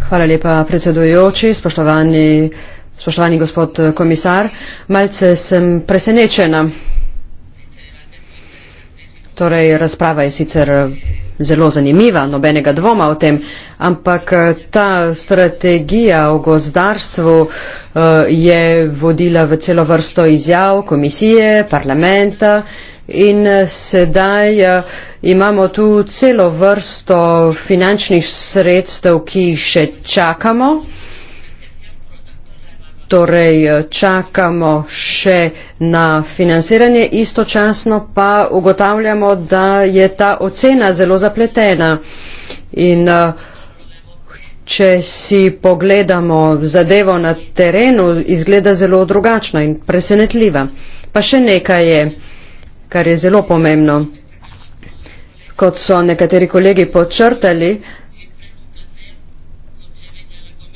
Hvala lepa predsedujoči, spoštovani. Spoštovani gospod eh, komisar, malce sem presenečena. Torej, razprava je sicer eh, zelo zanimiva, nobenega dvoma o tem, ampak eh, ta strategija o gozdarstvu je vodila v celo vrsto izjav komisije, parlamenta in sedaj imamo tu celo vrsto finančnih sredstev, ki jih še čakamo torej eh, čakamo še na financiranje, istočasno pa ugotavljamo, da je ta ocena zelo zapletena. In eh, če si pogledamo zadevo na terenu, izgleda zelo drugačno in presenetljiva. Pa še nekaj je, kar je zelo pomembno. Kot so nekateri kolegi počrtali,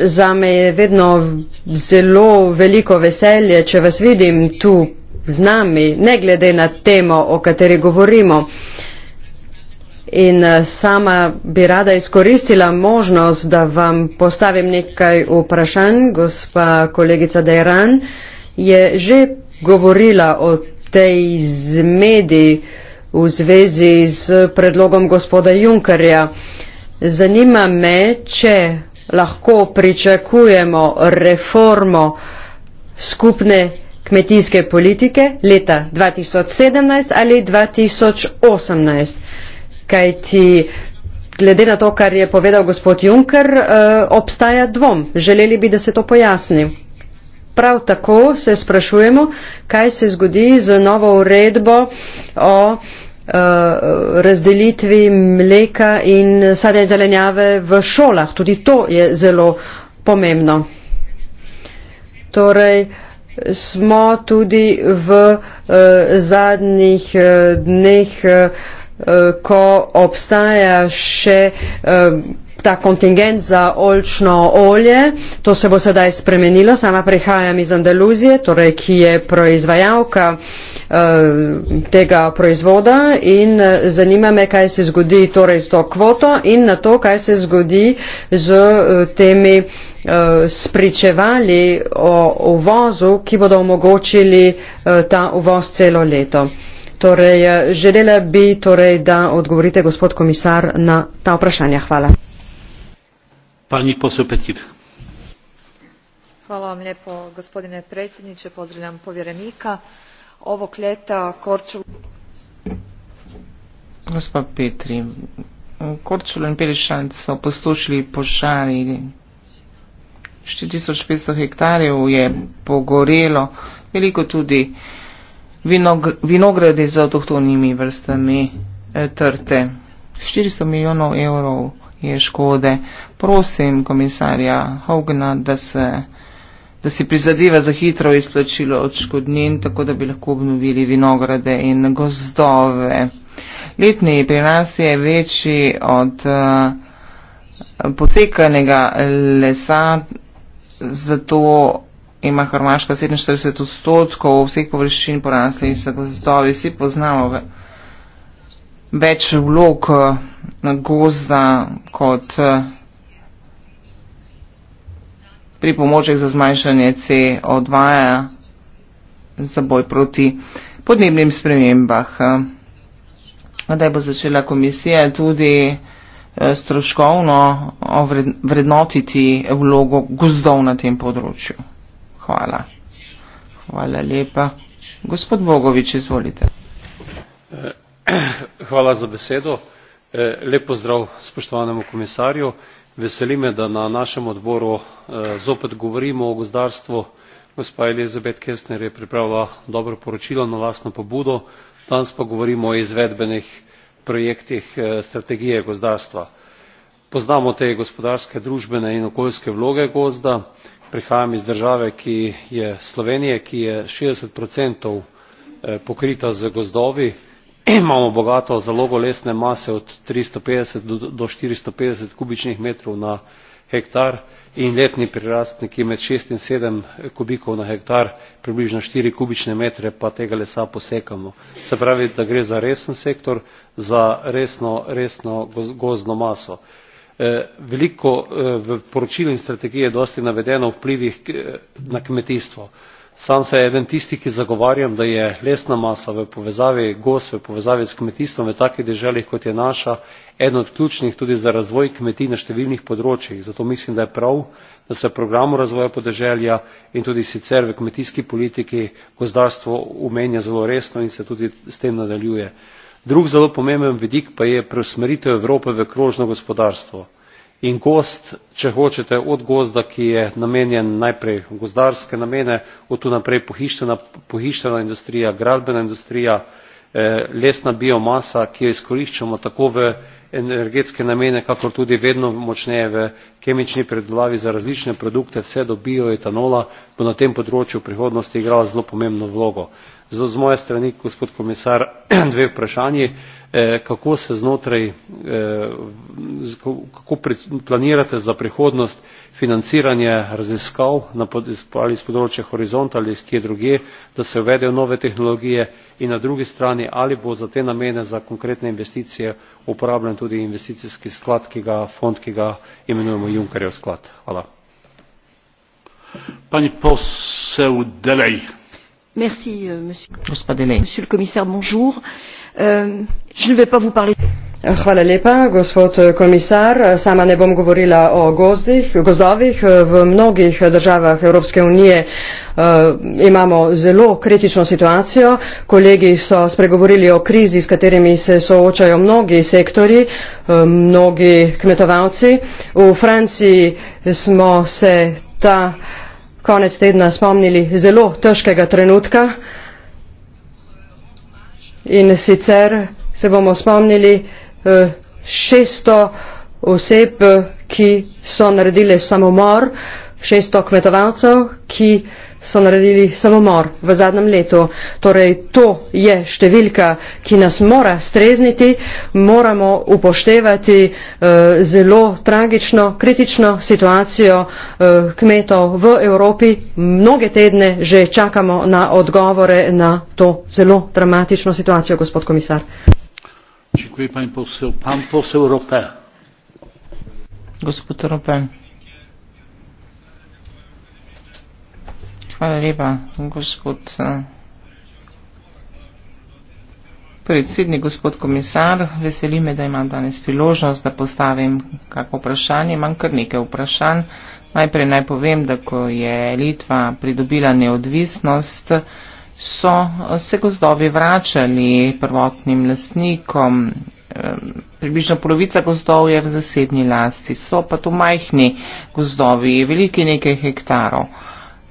Za me je vedno zelo veliko veselje, če vas vidim tu z nami, ne glede na temo, o kateri govorimo. In eh, sama bi rada izkoristila možnost, da vam postavim nekaj vprašanj. Gospa kolegica Dejran je že govorila o tej zmedi v zvezi z predlogom gospoda Junkarja. Zanima me, če lahko pričakujemo reformo skupne kmetijske politike leta 2017 ali 2018. Kaj ti, glede na to, kar je povedal gospod Juncker, eh, obstaja dvom. Želeli bi, da se to pojasni. Prav tako se sprašujemo, kaj se zgodi z novo uredbo o Eh, razdelitvi mleka in sadja in zelenjave v šolah. Tudi to je zelo pomembno. Torej, smo tudi v uh, zadnjih uh, dneh, uh, ko obstaja še uh, ta kontingent za olčno olje. To se bo sedaj spremenilo. Sama prihajam iz Andaluzije, torej, ki je proizvajalka eh, tega proizvoda in eh, zanima me, kaj se zgodi torej, z to kvoto in na to, kaj se zgodi z eh, temi spričevali o uvozu, ki bodo omogočili ta uvoz celo leto. Torej, želela bi, torej, da odgovorite, gospod komisar, na ta vprašanja. Hvala
gospodine predsjednie pozdravljam povjerenika ovog ljeta korčulan.
gospa so opustošili poari štiri tisoč petsto hektarjev je pogorelo veliko tudi vinogradi z avtohtonimi vrstami eh, trte štiristo milijonov evrov in škode. Prosim komisarja Hogna, da, se, da si prizadeva za hitro izplačilo odškodnin, tako da bi lahko obnovili vinograde in gozdove. Letni pri nas je večji od eh, posekanega lesa, zato ima Hrvaška 47 odstotkov vseh površin porasli in se gozdovi. Vsi poznamo več vlog gozda kot eh, pripomoček za zmanjšanje CO2 za boj proti podnebnim spremembah. Kdaj eh, bo začela komisija tudi eh, stroškovno vrednotiti vlogo gozdov na tem področju? Hvala. Hvala lepa. Gospod Bogovič, izvolite.
<clears throat> Hvala za besedo. Eh, lep pozdrav spoštovanemu komisarju veseli me da na našem odboru eh, zopet govorimo o gozdarstvu gospa elizabeth gerstner je pripravila dobro poročilo na lastno pobudo danes pa govorimo o izvedbenih projektih eh, strategije gozdarstva. poznamo te gospodarske družbene in okoljske vloge gozda prihajam iz države ki je slovenije ki je šestdeset pokrita z gozdovi <clears throat> imamo bogato zalogo lesne mase od tristo petdeset do štiristo petdeset kubičnih metrov na hektar in letni prirast nekje med šest in sedem kubikov na hektar približno štiri kubične metre pa tega lesa posekamo se pravi da gre za resen sektor za resno resno gozdno maso eh, veliko eh, v poročilu in strategiji je dosti navedeno o vplivih eh, na kmetijstvo sam sem eden tistih ki zagovarjam da je lesna masa v povezavi gozd v povezavi s kmetijstvom v takih deželah kot je naša eden od ključnih tudi za razvoj kmetij na številnih področjih zato mislim da je prav da se v programu razvoja podeželja in tudi sicer v kmetijski politiki gozdarstvo omenja zelo resno in se tudi s tem nadaljuje. drug zelo pomemben vidik pa je preusmeritev evrope v krožno gospodarstvo in gozd če hočete od gozda ki je namenjen najprej v gozdarske namene od tu naprej pohištvena industrija gradbena industrija eh, lesna biomasa ki jo izkoriščamo tako v energetske namene kakor tudi vedno močneje v kemični predelavi za različne produkte vse do bioetanola bo na tem področju v prihodnosti igrala zelo pomembno vlogo. zato z moje strani gospod komisar <clears throat> dve vprašanji. Eh, kako se znotraj eh, kako planirate za prihodnost financiranje raziskav na ali s področja horizonta ali s kje drugje da se uvedejo nove tehnologije in na drugi strani ali bo za te namene za konkretne investicije uporabljen tudi investicijski sklad ki ga fond ki ga imenujemo junckerjev sklad hvala Pani poseł Delej.
Merci, euh,
monsieur.
Monsieur le commissaire, bonjour. Euh, Eh, je ne vais pas vous parler Hvala lepa, gospod eh, komisar. Sama ne bom govorila o gozdih, gozdovih. Eh, v mnogih državah Evropske unije uh, imamo zelo kritično situacijo. Kolegi so spregovorili o krizi, s katerimi se soočajo mnogi sektori, uh, mnogi kmetovalci. V Franciji smo se ta konec tedna spomnili zelo težkega trenutka. Uh, in sicer se bomo spomnili eh, šeststo oseb, eh, ki so naredili samomor, šeststo kmetovalcev, ki so naredili samomor v zadnjem letu. Torej, to je številka, ki nas mora strezniti, moramo upoštevati eh, zelo tragično, kritično situacijo eh, kmetov v Evropi. Mnoge tedne že čakamo na odgovore na to zelo dramatično situacijo, gospod komisar.
Gospod Rope. Hvala lepa, gospod eh, predsednik, gospod komisar. Veseli me, da imam danes priložnost, da postavim kako vprašanje. Imam kar nekaj vprašanj. Najprej naj povem, da ko je Litva pridobila neodvisnost, so eh, se gozdovi vračali prvotnim lastnikom. Približno polovica gozdov je v zasebni lasti, so pa to majhni gozdovi, veliki nekaj hektarov.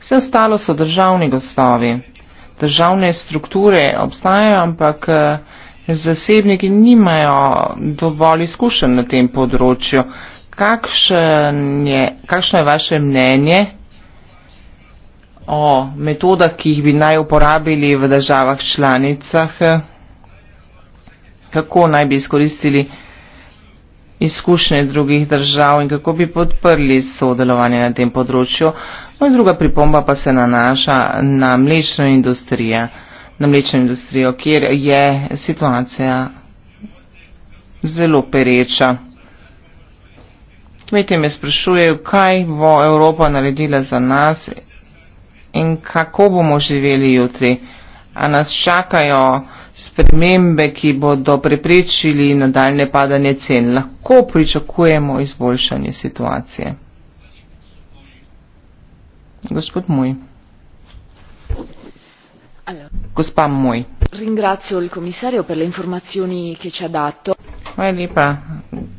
Vse ostalo so državni gostovi. Državne strukture obstajajo, ampak eh, zasebniki nimajo dovolj izkušenj na tem področju. Je, kakšno je vaše mnenje o metodah, ki jih bi naj uporabili v državah članicah? Kako naj bi izkoristili izkušnje drugih držav in kako bi podprli sodelovanje na tem področju? Moja no druga pripomba pa se nanaša na mlečno industrijo, na mlečno industrijo kjer je situacija zelo pereča. Kmetje me sprašujejo, kaj bo Evropa naredila za nas in kako bomo živeli jutri. A nas čakajo spremembe, ki bodo preprečili nadaljne padanje cen. Lahko pričakujemo izboljšanje situacije. Gospod Moj. Gospa Moj.
Ringrazio il commissario
per le informazioni che ci ha dato. Hvala lepa,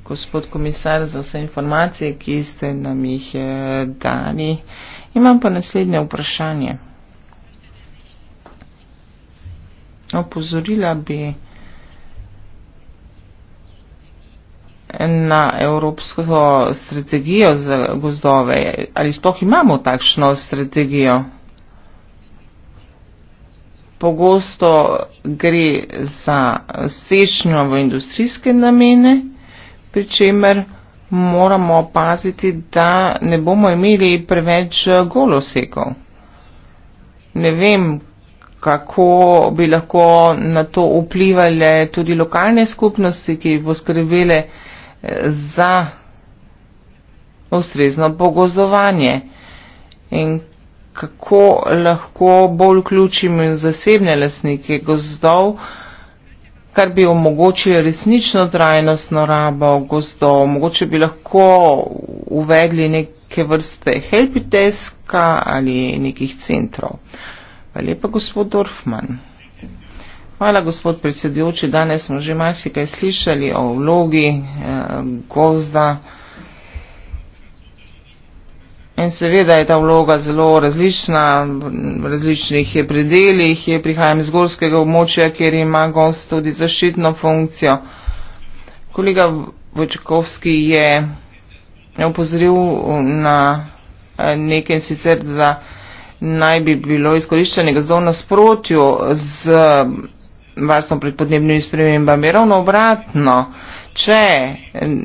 gospod komisar, za vse informacije, ki ste nam jih eh, dali. Imam pa naslednje vprašanje. Opozorila bi. na evropsko strategijo za gozdove? Ali sploh imamo takšno strategijo? Pogosto gre za sešnjo v industrijske namene, pri čemer moramo paziti, da ne bomo imeli preveč golosekov. Ne vem, kako bi lahko na to vplivali tudi lokalne skupnosti, ki bo skrbele uh, za ustrezno pogozdovanje in kako lahko bolj vključimo zasebne lasnike gozdov, kar bi omogočili resnično trajnostno rabo gozdov. Mogoče bi lahko uvedli neke vrste helpiteska ali nekih centrov. Hvala lepa, gospod Dorfman. Hvala, gospod predsedujoči. Danes smo že marsikaj slišali o vlogi eh, gozda. In seveda je ta vloga zelo različna, v različnih je predeljih, je prihajam iz gorskega območja, kjer ima gost tudi zaščitno funkcijo. Kolega Vojčakovski je opozoril na eh, nekaj in sicer, da naj bi bilo izkoriščenega zelo nasprotju z varstvom pred podnebnimi spremembami. Ravno obratno, če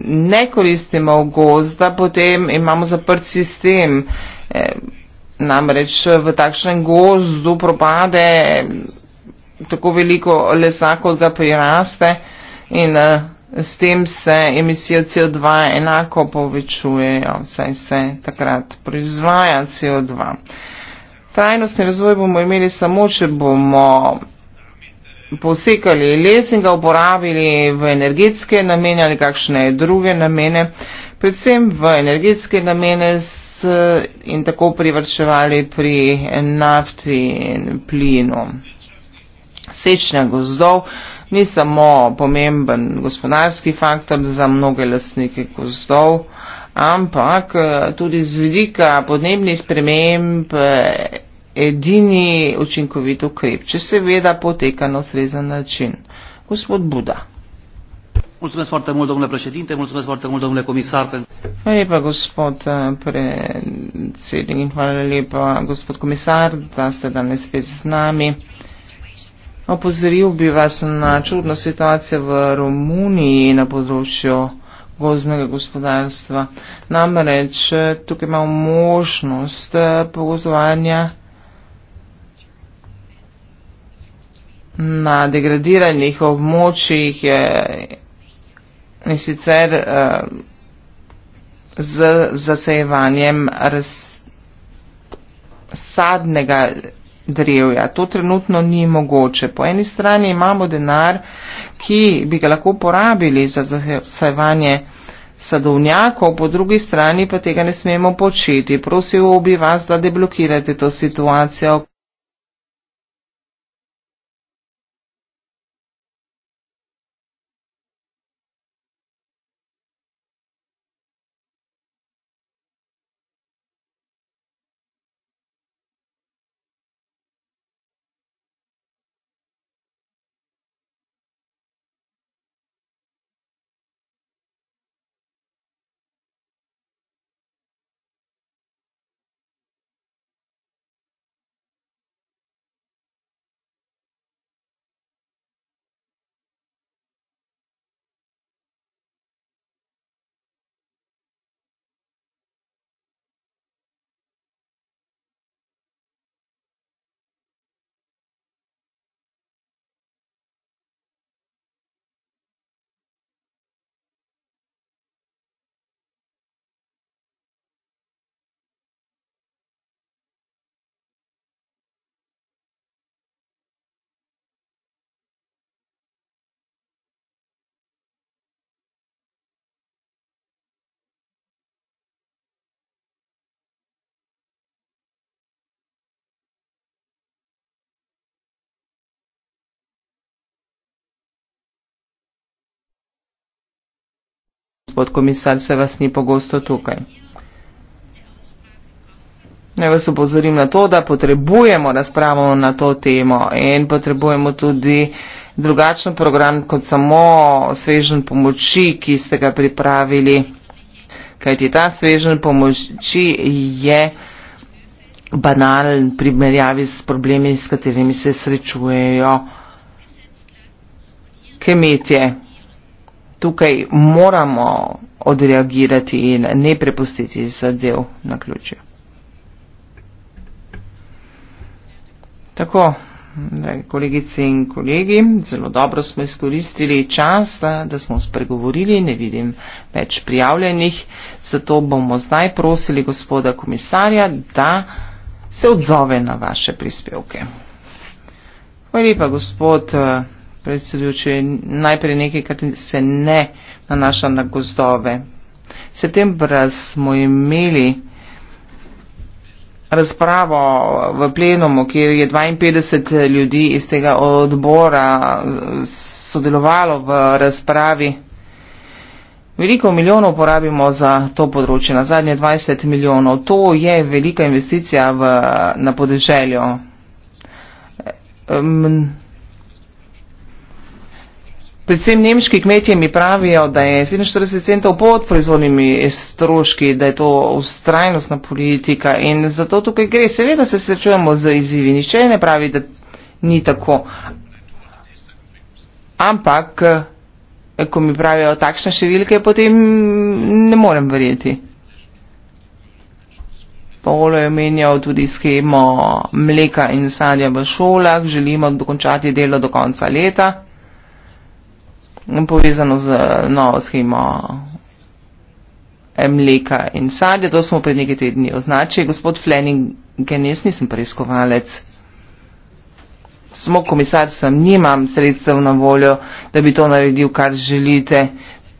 ne koristimo gozda, potem imamo zaprt sistem. E, namreč v takšnem gozdu propade tako veliko lesa, kot ga priraste in e, s tem se emisije CO2 enako povečujejo, saj se takrat proizvaja CO2. Trajnostni razvoj bomo imeli samo, če bomo posekali les in ga uporabili v energetske namene ali kakšne druge namene, predvsem v energetske namene s, in tako privrčevali pri nafti in plinu. Sečnja gozdov ni samo pomemben gospodarski faktor za mnoge lastnike gozdov, ampak eh, tudi z vidika podnebnih sprememb edini učinkovit ukrep, če seveda poteka na ustrezen način. Gospod Buda. Mulțumesc foarte mult, domnule președinte, mulțumesc
foarte mult, domnule comisar.
Hvala lepa, gospod eh, predsednik, in hvala lepa, gospod komisar, da ste danes spet z nami. Opozoril bi vas na čudno situacijo v Romuniji na področju gozdnega gospodarstva. Namreč eh, tukaj imamo možnost eh, pogozovanja. na degradiranih območjih eh, in sicer eh, z zasejevanjem sadnega drevja. To trenutno ni mogoče. Po eni strani imamo denar, ki bi ga lahko porabili za zasejevanje sadovnjakov, po drugi strani pa tega ne smemo početi. Prosil bi vas, da deblokirate to situacijo. gospod komisar, se vas ni pogosto tukaj. Naj vas upozorim na to, da potrebujemo razpravo na to temo in potrebujemo tudi drugačen program kot samo svežen pomoči, ki ste ga pripravili, kajti ta svežen pomoči je banalen primerjavi s problemi, s katerimi se srečujejo kmetje tukaj moramo odreagirati in ne prepustiti zadev na ključju. Tako, kolegice in kolegi, zelo dobro smo izkoristili čas, da smo spregovorili, ne vidim več prijavljenih, zato bomo zdaj prosili gospoda komisarja, da se odzove na vaše prispevke. Hvala lepa, gospod. Eh, predsedujoči, najprej nekaj, kar se ne nanaša na gozdove. Septembra smo imeli razpravo v plenumu, kjer je 52 ljudi iz tega odbora sodelovalo v razpravi. Veliko milijonov porabimo za to področje, na zadnje 20 milijonov. To je velika investicija v, na podeželju. Um, Predvsem nemški kmetje mi pravijo, da je 47 centov pod proizvodnimi stroški, da je to ustrajnostna politika in zato tukaj gre. Seveda se srečujemo z izzivi, nišče ne pravi, da ni tako. Ampak, eh, ko mi pravijo takšne številke, potem ne morem verjeti. Polo je menjal tudi schemo mleka in sadja v šolah, želimo dokončati delo do konca leta povezano z novo schemo eh, mleka in sadja. To smo pred nekaj tedni označili. Gospod Flening, ken jaz nisem preiskovalec. Smo komisar, sem nimam sredstev na voljo, da bi to naredil, kar želite.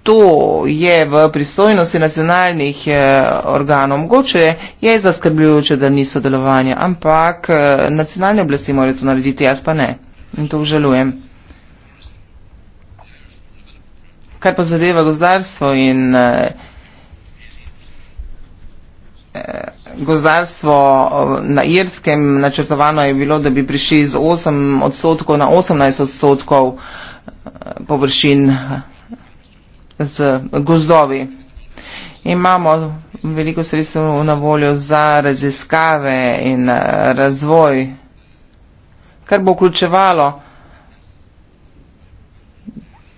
To je v pristojnosti nacionalnih eh, organov. Mogoče je zaskrbljujoče, da ni sodelovanja, ampak eh, nacionalne oblasti morajo to narediti, jaz pa ne. In to užalujem. kar pa zadeva gozdarstvo in eh, eh gozdarstvo eh, na Irskem načrtovano je bilo, da bi prišli z 8 odstotkov na 18 odstotkov eh, površin z gozdovi. Imamo veliko sredstev na voljo za raziskave in razvoj, kar bo vključevalo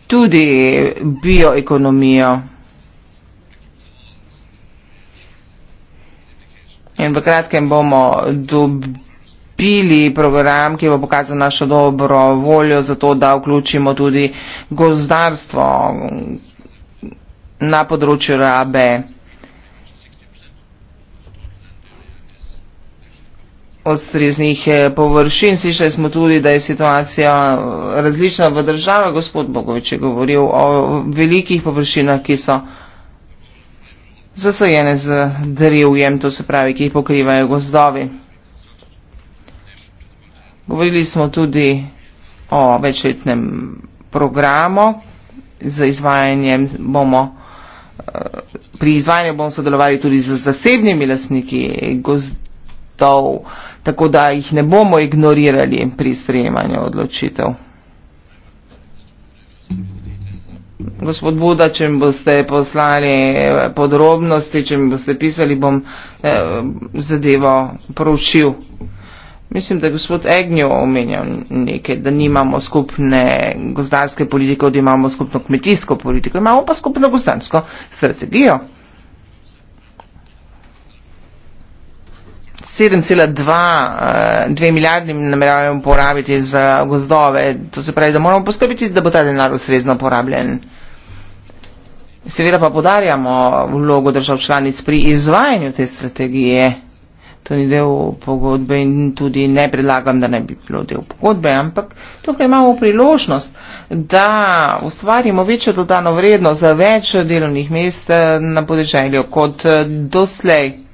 tudi bioekonomijo. In v kratkem bomo dobili program, ki bo pokazal našo dobro voljo za to, da vključimo tudi gozdarstvo na področju rabe. ostreznih eh, površin. Slišali smo tudi, da je situacija eh, različna v državah. Gospod Bogovič je govoril o velikih površinah, ki so zasajene z drevjem, to se pravi, ki jih pokrivajo gozdovi. Govorili smo tudi o večletnem programu. Z izvajanjem bomo, eh, pri izvajanju bomo sodelovali tudi z zasebnimi lasniki gozdov tako da jih ne bomo ignorirali pri sprejemanju odločitev. Gospod Buda, če mi boste poslali eh, podrobnosti, če mi boste pisali, bom eh, zadevo proučil. Mislim, da je gospod Egnjo omenjal nekaj, da nimamo skupne gozdarske politike, da imamo skupno kmetijsko politiko, imamo pa skupno gozdarsko strategijo. 7,2 eh, milijardi nameravamo porabiti za gozdove. To se pravi, da moramo poskrbiti, da bo ta denar ustrezno porabljen. Seveda pa podarjamo vlogo držav članic pri izvajanju te strategije. To ni del pogodbe in tudi ne predlagam, da ne bi bilo del pogodbe, ampak tukaj imamo priložnost, da ustvarimo večjo dodano vrednost za več delovnih mest eh, na podeželju kot eh, doslej.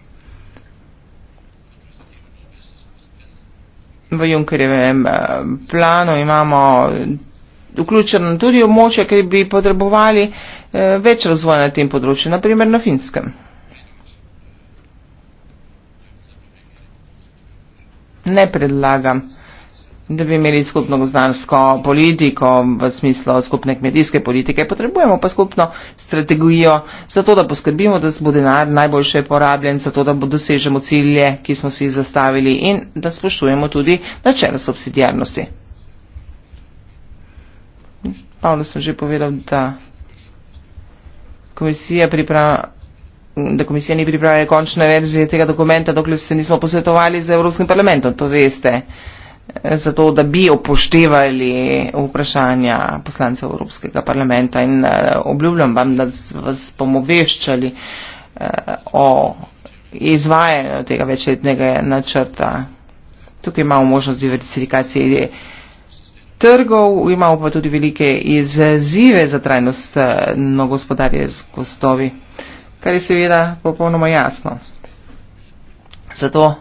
v Junkerjevem eh, planu imamo vključeno tudi območje, ker bi potrebovali eh, več razvoja na tem področju, naprimer na finskem. Ne predlagam da bi imeli skupno gozdansko politiko v smislu skupne kmetijske politike. Potrebujemo pa skupno strategijo za to, da poskrbimo, da bo denar najboljše porabljen, za to, da bo dosežemo cilje, ki smo si jih zastavili in da spoštujemo tudi načelo subsidijarnosti. Pavlo sem že povedal, da komisija pripravlja da komisija ni pripravila končne verzije tega dokumenta, dokler se nismo posvetovali z Evropskim parlamentom, to veste zato, da bi upoštevali vprašanja poslancev Evropskega parlamenta in eh, obljubljam vam, da vas bomo veščali eh, o izvajanju tega večletnega načrta. Tukaj imamo možnost diversifikacije trgov, imamo pa tudi velike izzive za trajnost eh, no gospodarje z gostovi, kar je seveda popolnoma jasno. Zato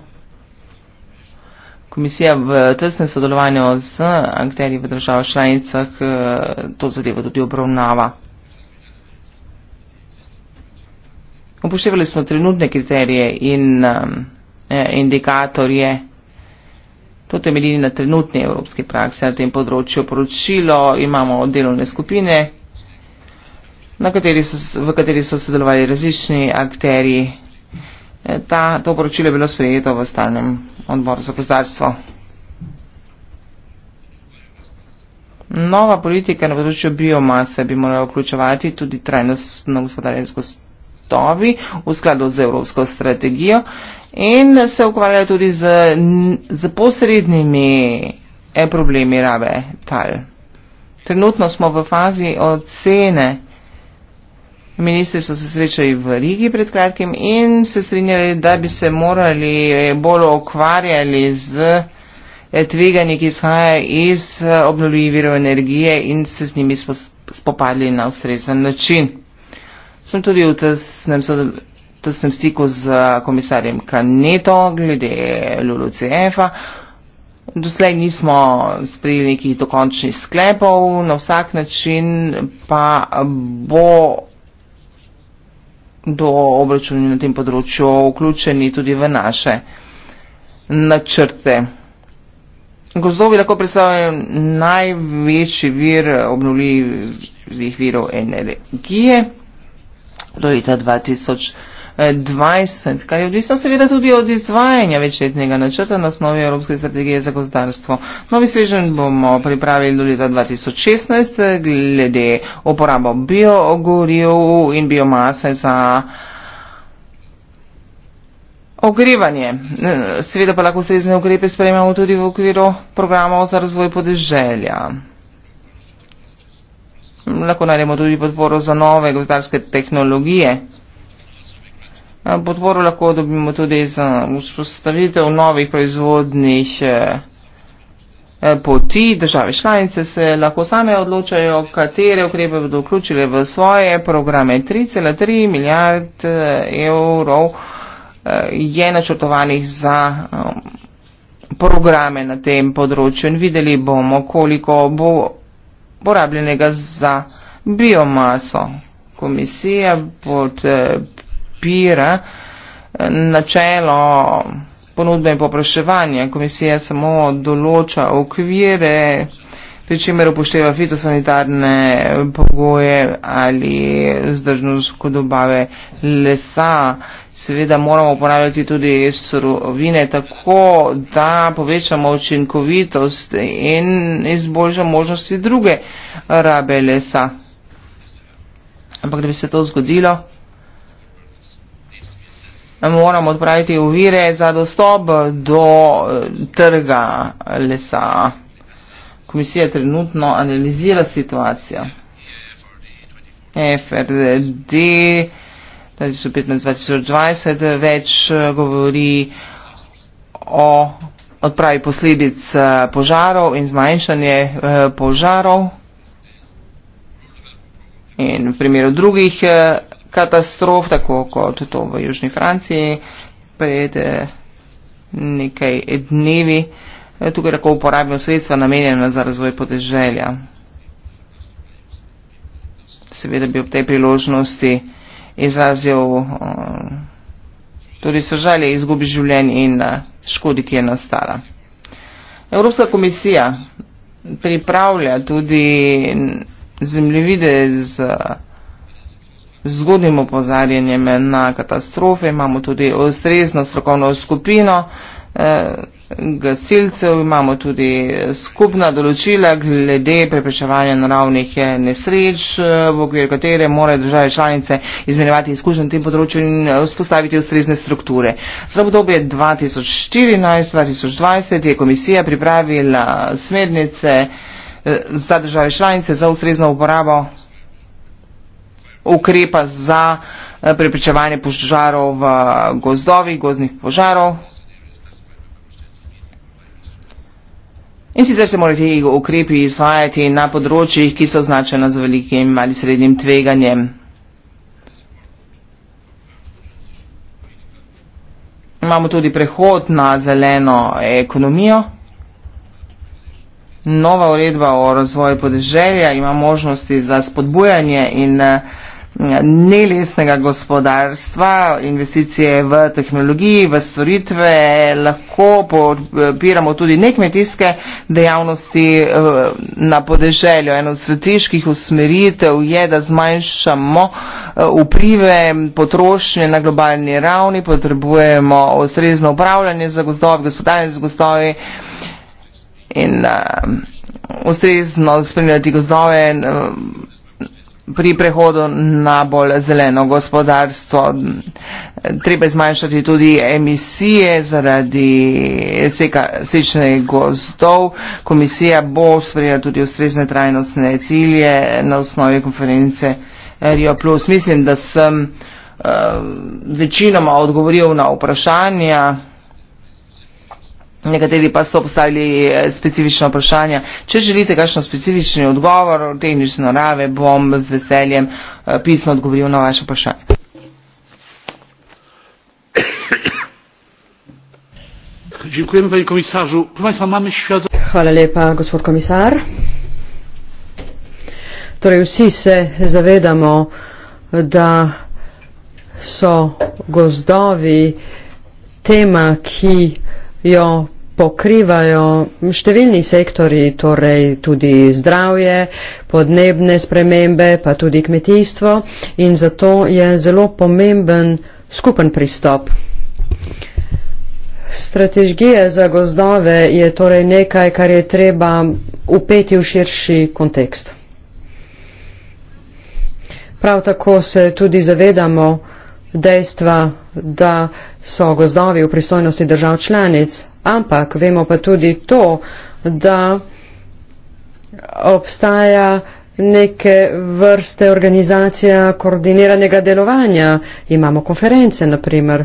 komisija v tesnem sodelovanju z akterji v državah članicah eh, to zadevo tudi obravnava. Upoštevali smo trenutne kriterije in um, indikatorje. To temelji na trenutni evropski praksi na tem področju. Poročilo imamo od delovne skupine, kateri so, v kateri so sodelovali različni akteri. Eh, ta, to poročilo je bilo sprejeto v stalnem odboru za gospodarstvo. Nova politika na področju biomase bi morala vključevati tudi trajnostno gospodarjenje z gostovi v skladu z evropsko strategijo in se ukvarjala tudi z, z posrednimi eh, problemi rabe tal. Trenutno smo v fazi ocene. Ministri so se srečali v Rigi pred kratkim in se strinjali, da bi se morali bolj okvarjali z eh, tveganji, ki izhaja iz eh, obnovljivih virov energije in se z njimi spopadli na ustrezen način. Sem tudi v tesnem, tesnem stiku z eh, komisarjem Kaneto glede LULUCF-a. Doslej nismo sprejeli nekih dokončnih sklepov, na vsak način pa bo do obračunja na tem področju vključeni tudi v naše načrte. Gozdovi lahko predstavljajo največji vir obnovljivih virov energije do leta 2020. 2020, kar je odvisno seveda tudi od izvajanja večletnega načrta na osnovi Evropske strategije za gozdarstvo. Novi svežen bomo pripravili do leta 2016 glede uporabo biogoriv in biomase za. Ogrevanje. Seveda pa lahko ustrezne ukrepe sprejmemo tudi v okviru programov za razvoj podeželja. Lahko najdemo tudi podporo za nove gozdarske tehnologije. Podporo eh, lahko dobimo tudi za vzpostavitev novih proizvodnih eh, eh, poti. Države članice se lahko same odločajo, katere ukrepe bodo vključile v svoje programe. 3,3 milijard evrov je načrtovanih za programe na tem področju in videli bomo, koliko bo porabljenega za biomaso. Komisija pod P podpira eh, načelo ponudbe in popraševanja. Komisija samo določa okvire, pri čemer upošteva fitosanitarne pogoje ali zdržnost kod obave lesa. Seveda moramo uporabljati tudi surovine tako, da povečamo učinkovitost in izboljšamo možnosti druge rabe lesa. Ampak da bi se to zgodilo, moramo odpraviti uvire za dostop do eh, trga lesa. Komisija trenutno analizira situacijo. FRD, tudi so 15.2020, več eh, govori o odpravi posledic eh, požarov in zmanjšanje požarov. In v primeru drugih katastrof, tako kot to v Južni Franciji pred eh, nekaj dnevi. Eh, tukaj lahko uporabimo sredstva namenjena za razvoj podeželja. Seveda bi ob tej priložnosti izrazil eh, tudi sožalje izgubi življenj in škodi, ki je nastala. Evropska komisija pripravlja tudi zemljevide z. Uh, z zgodnim opozarjanjem na katastrofe, imamo tudi ustrezno strokovno skupino eh, gasilcev, imamo tudi skupna določila glede preprečevanja naravnih eh, nesreč, eh, v okviru katere morajo države članice izmenjevati izkušnje na tem področju in vzpostaviti ustrezne strukture. Za obdobje 2014-2020 je komisija pripravila smernice za države članice za ustrezno uporabo ukrepa za eh, preprečevanje požarov v eh, gozdovih, gozdnih požarov. In sicer se morajo ti ukrepi izvajati na področjih, ki so označena z velikim ali srednjim tveganjem. Imamo tudi prehod na zeleno ekonomijo. Nova uredba o razvoju podeželja ima možnosti za spodbujanje in eh, nelesnega gospodarstva, investicije v tehnologiji, v storitve, lahko podpiramo tudi nekmetijske dejavnosti eh, na podeželju. Eno strateških usmeritev je, da zmanjšamo eh, vplive potrošnje na globalni ravni, potrebujemo ustrezno upravljanje za gozdove, gospodarjanje za gozdove in uh, ustrezno spremljati gozdove. Uh, pri prehodu na bolj zeleno gospodarstvo. Treba zmanjšati tudi emisije zaradi seka sečnih gozdov. Komisija bo sprejela tudi ustrezne trajnostne cilje na osnovi konference Rio Plus. Mislim, da sem uh, večinoma odgovoril na vprašanja. Nekateri pa so postavili eh, specifično vprašanje. Če želite kakšno specifični odgovor v tehnični narave, bom z veseljem eh, pisno odgovoril na vaše vprašanje.
<coughs> Hvala lepa, gospod komisar. Torej, vsi se zavedamo, da so gozdovi tema, ki jo pokrivajo številni sektori, torej tudi zdravje, podnebne spremembe, pa tudi kmetijstvo in zato je zelo pomemben skupen pristop. Strategije za gozdove je torej nekaj, kar je treba upeti v širši kontekst. Prav tako se tudi zavedamo, dejstva, da so gozdovi v pristojnosti držav članic, ampak vemo pa tudi to, da obstaja neke vrste organizacija koordiniranega delovanja. Imamo konference, na primer.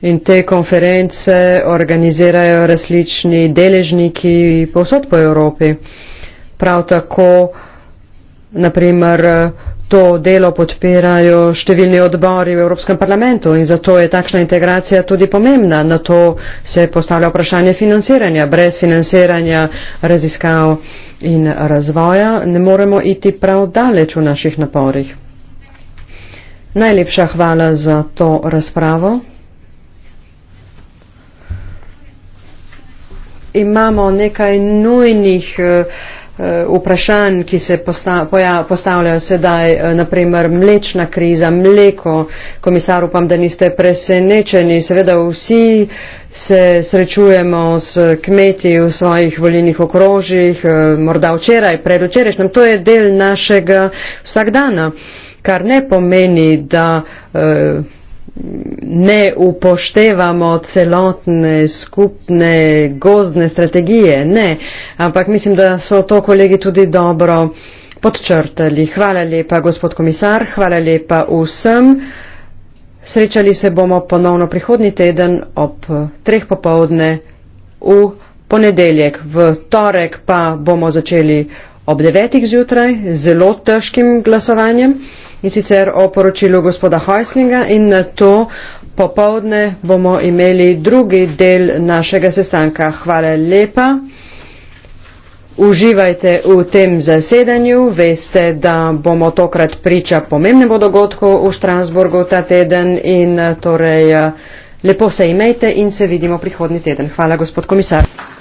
In te konference organizirajo različni deležniki povsod po Evropi. Prav tako uh, Naprimer, to delo podpirajo številni odbori v Evropskem parlamentu in zato je takšna integracija tudi pomembna. Na to se postavlja vprašanje financiranja. Brez financiranja raziskav in razvoja ne moremo iti prav daleč v naših naporih. Najlepša hvala za to razpravo. Imamo nekaj nujnih uh, Eh, vprašanj, ki se postavljajo sedaj, eh, naprimer mlečna kriza, mleko. Komisar, upam, da niste presenečeni. Seveda vsi se srečujemo s kmeti v svojih volilnih okrožjih, eh, morda včeraj, predvčerajšnjem. To je del našega vsakdana, kar ne pomeni, da. Uh, ne upoštevamo celotne skupne gozdne strategije. Ne, ampak mislim, da so to kolegi tudi dobro podčrtali. Hvala lepa, gospod komisar, hvala lepa vsem. Srečali se bomo ponovno prihodni teden ob treh popovdne v ponedeljek. V torek pa bomo začeli ob devetih zjutraj z zelo težkim glasovanjem in sicer o poročilu gospoda Heuslinga in na to popovdne bomo imeli drugi del našega sestanka. Hvala lepa. Uživajte v tem zasedanju. Veste, da bomo tokrat priča pomembnemu dogodku v Štransburgu ta teden in torej lepo se imejte in se vidimo prihodni teden. Hvala, gospod komisar.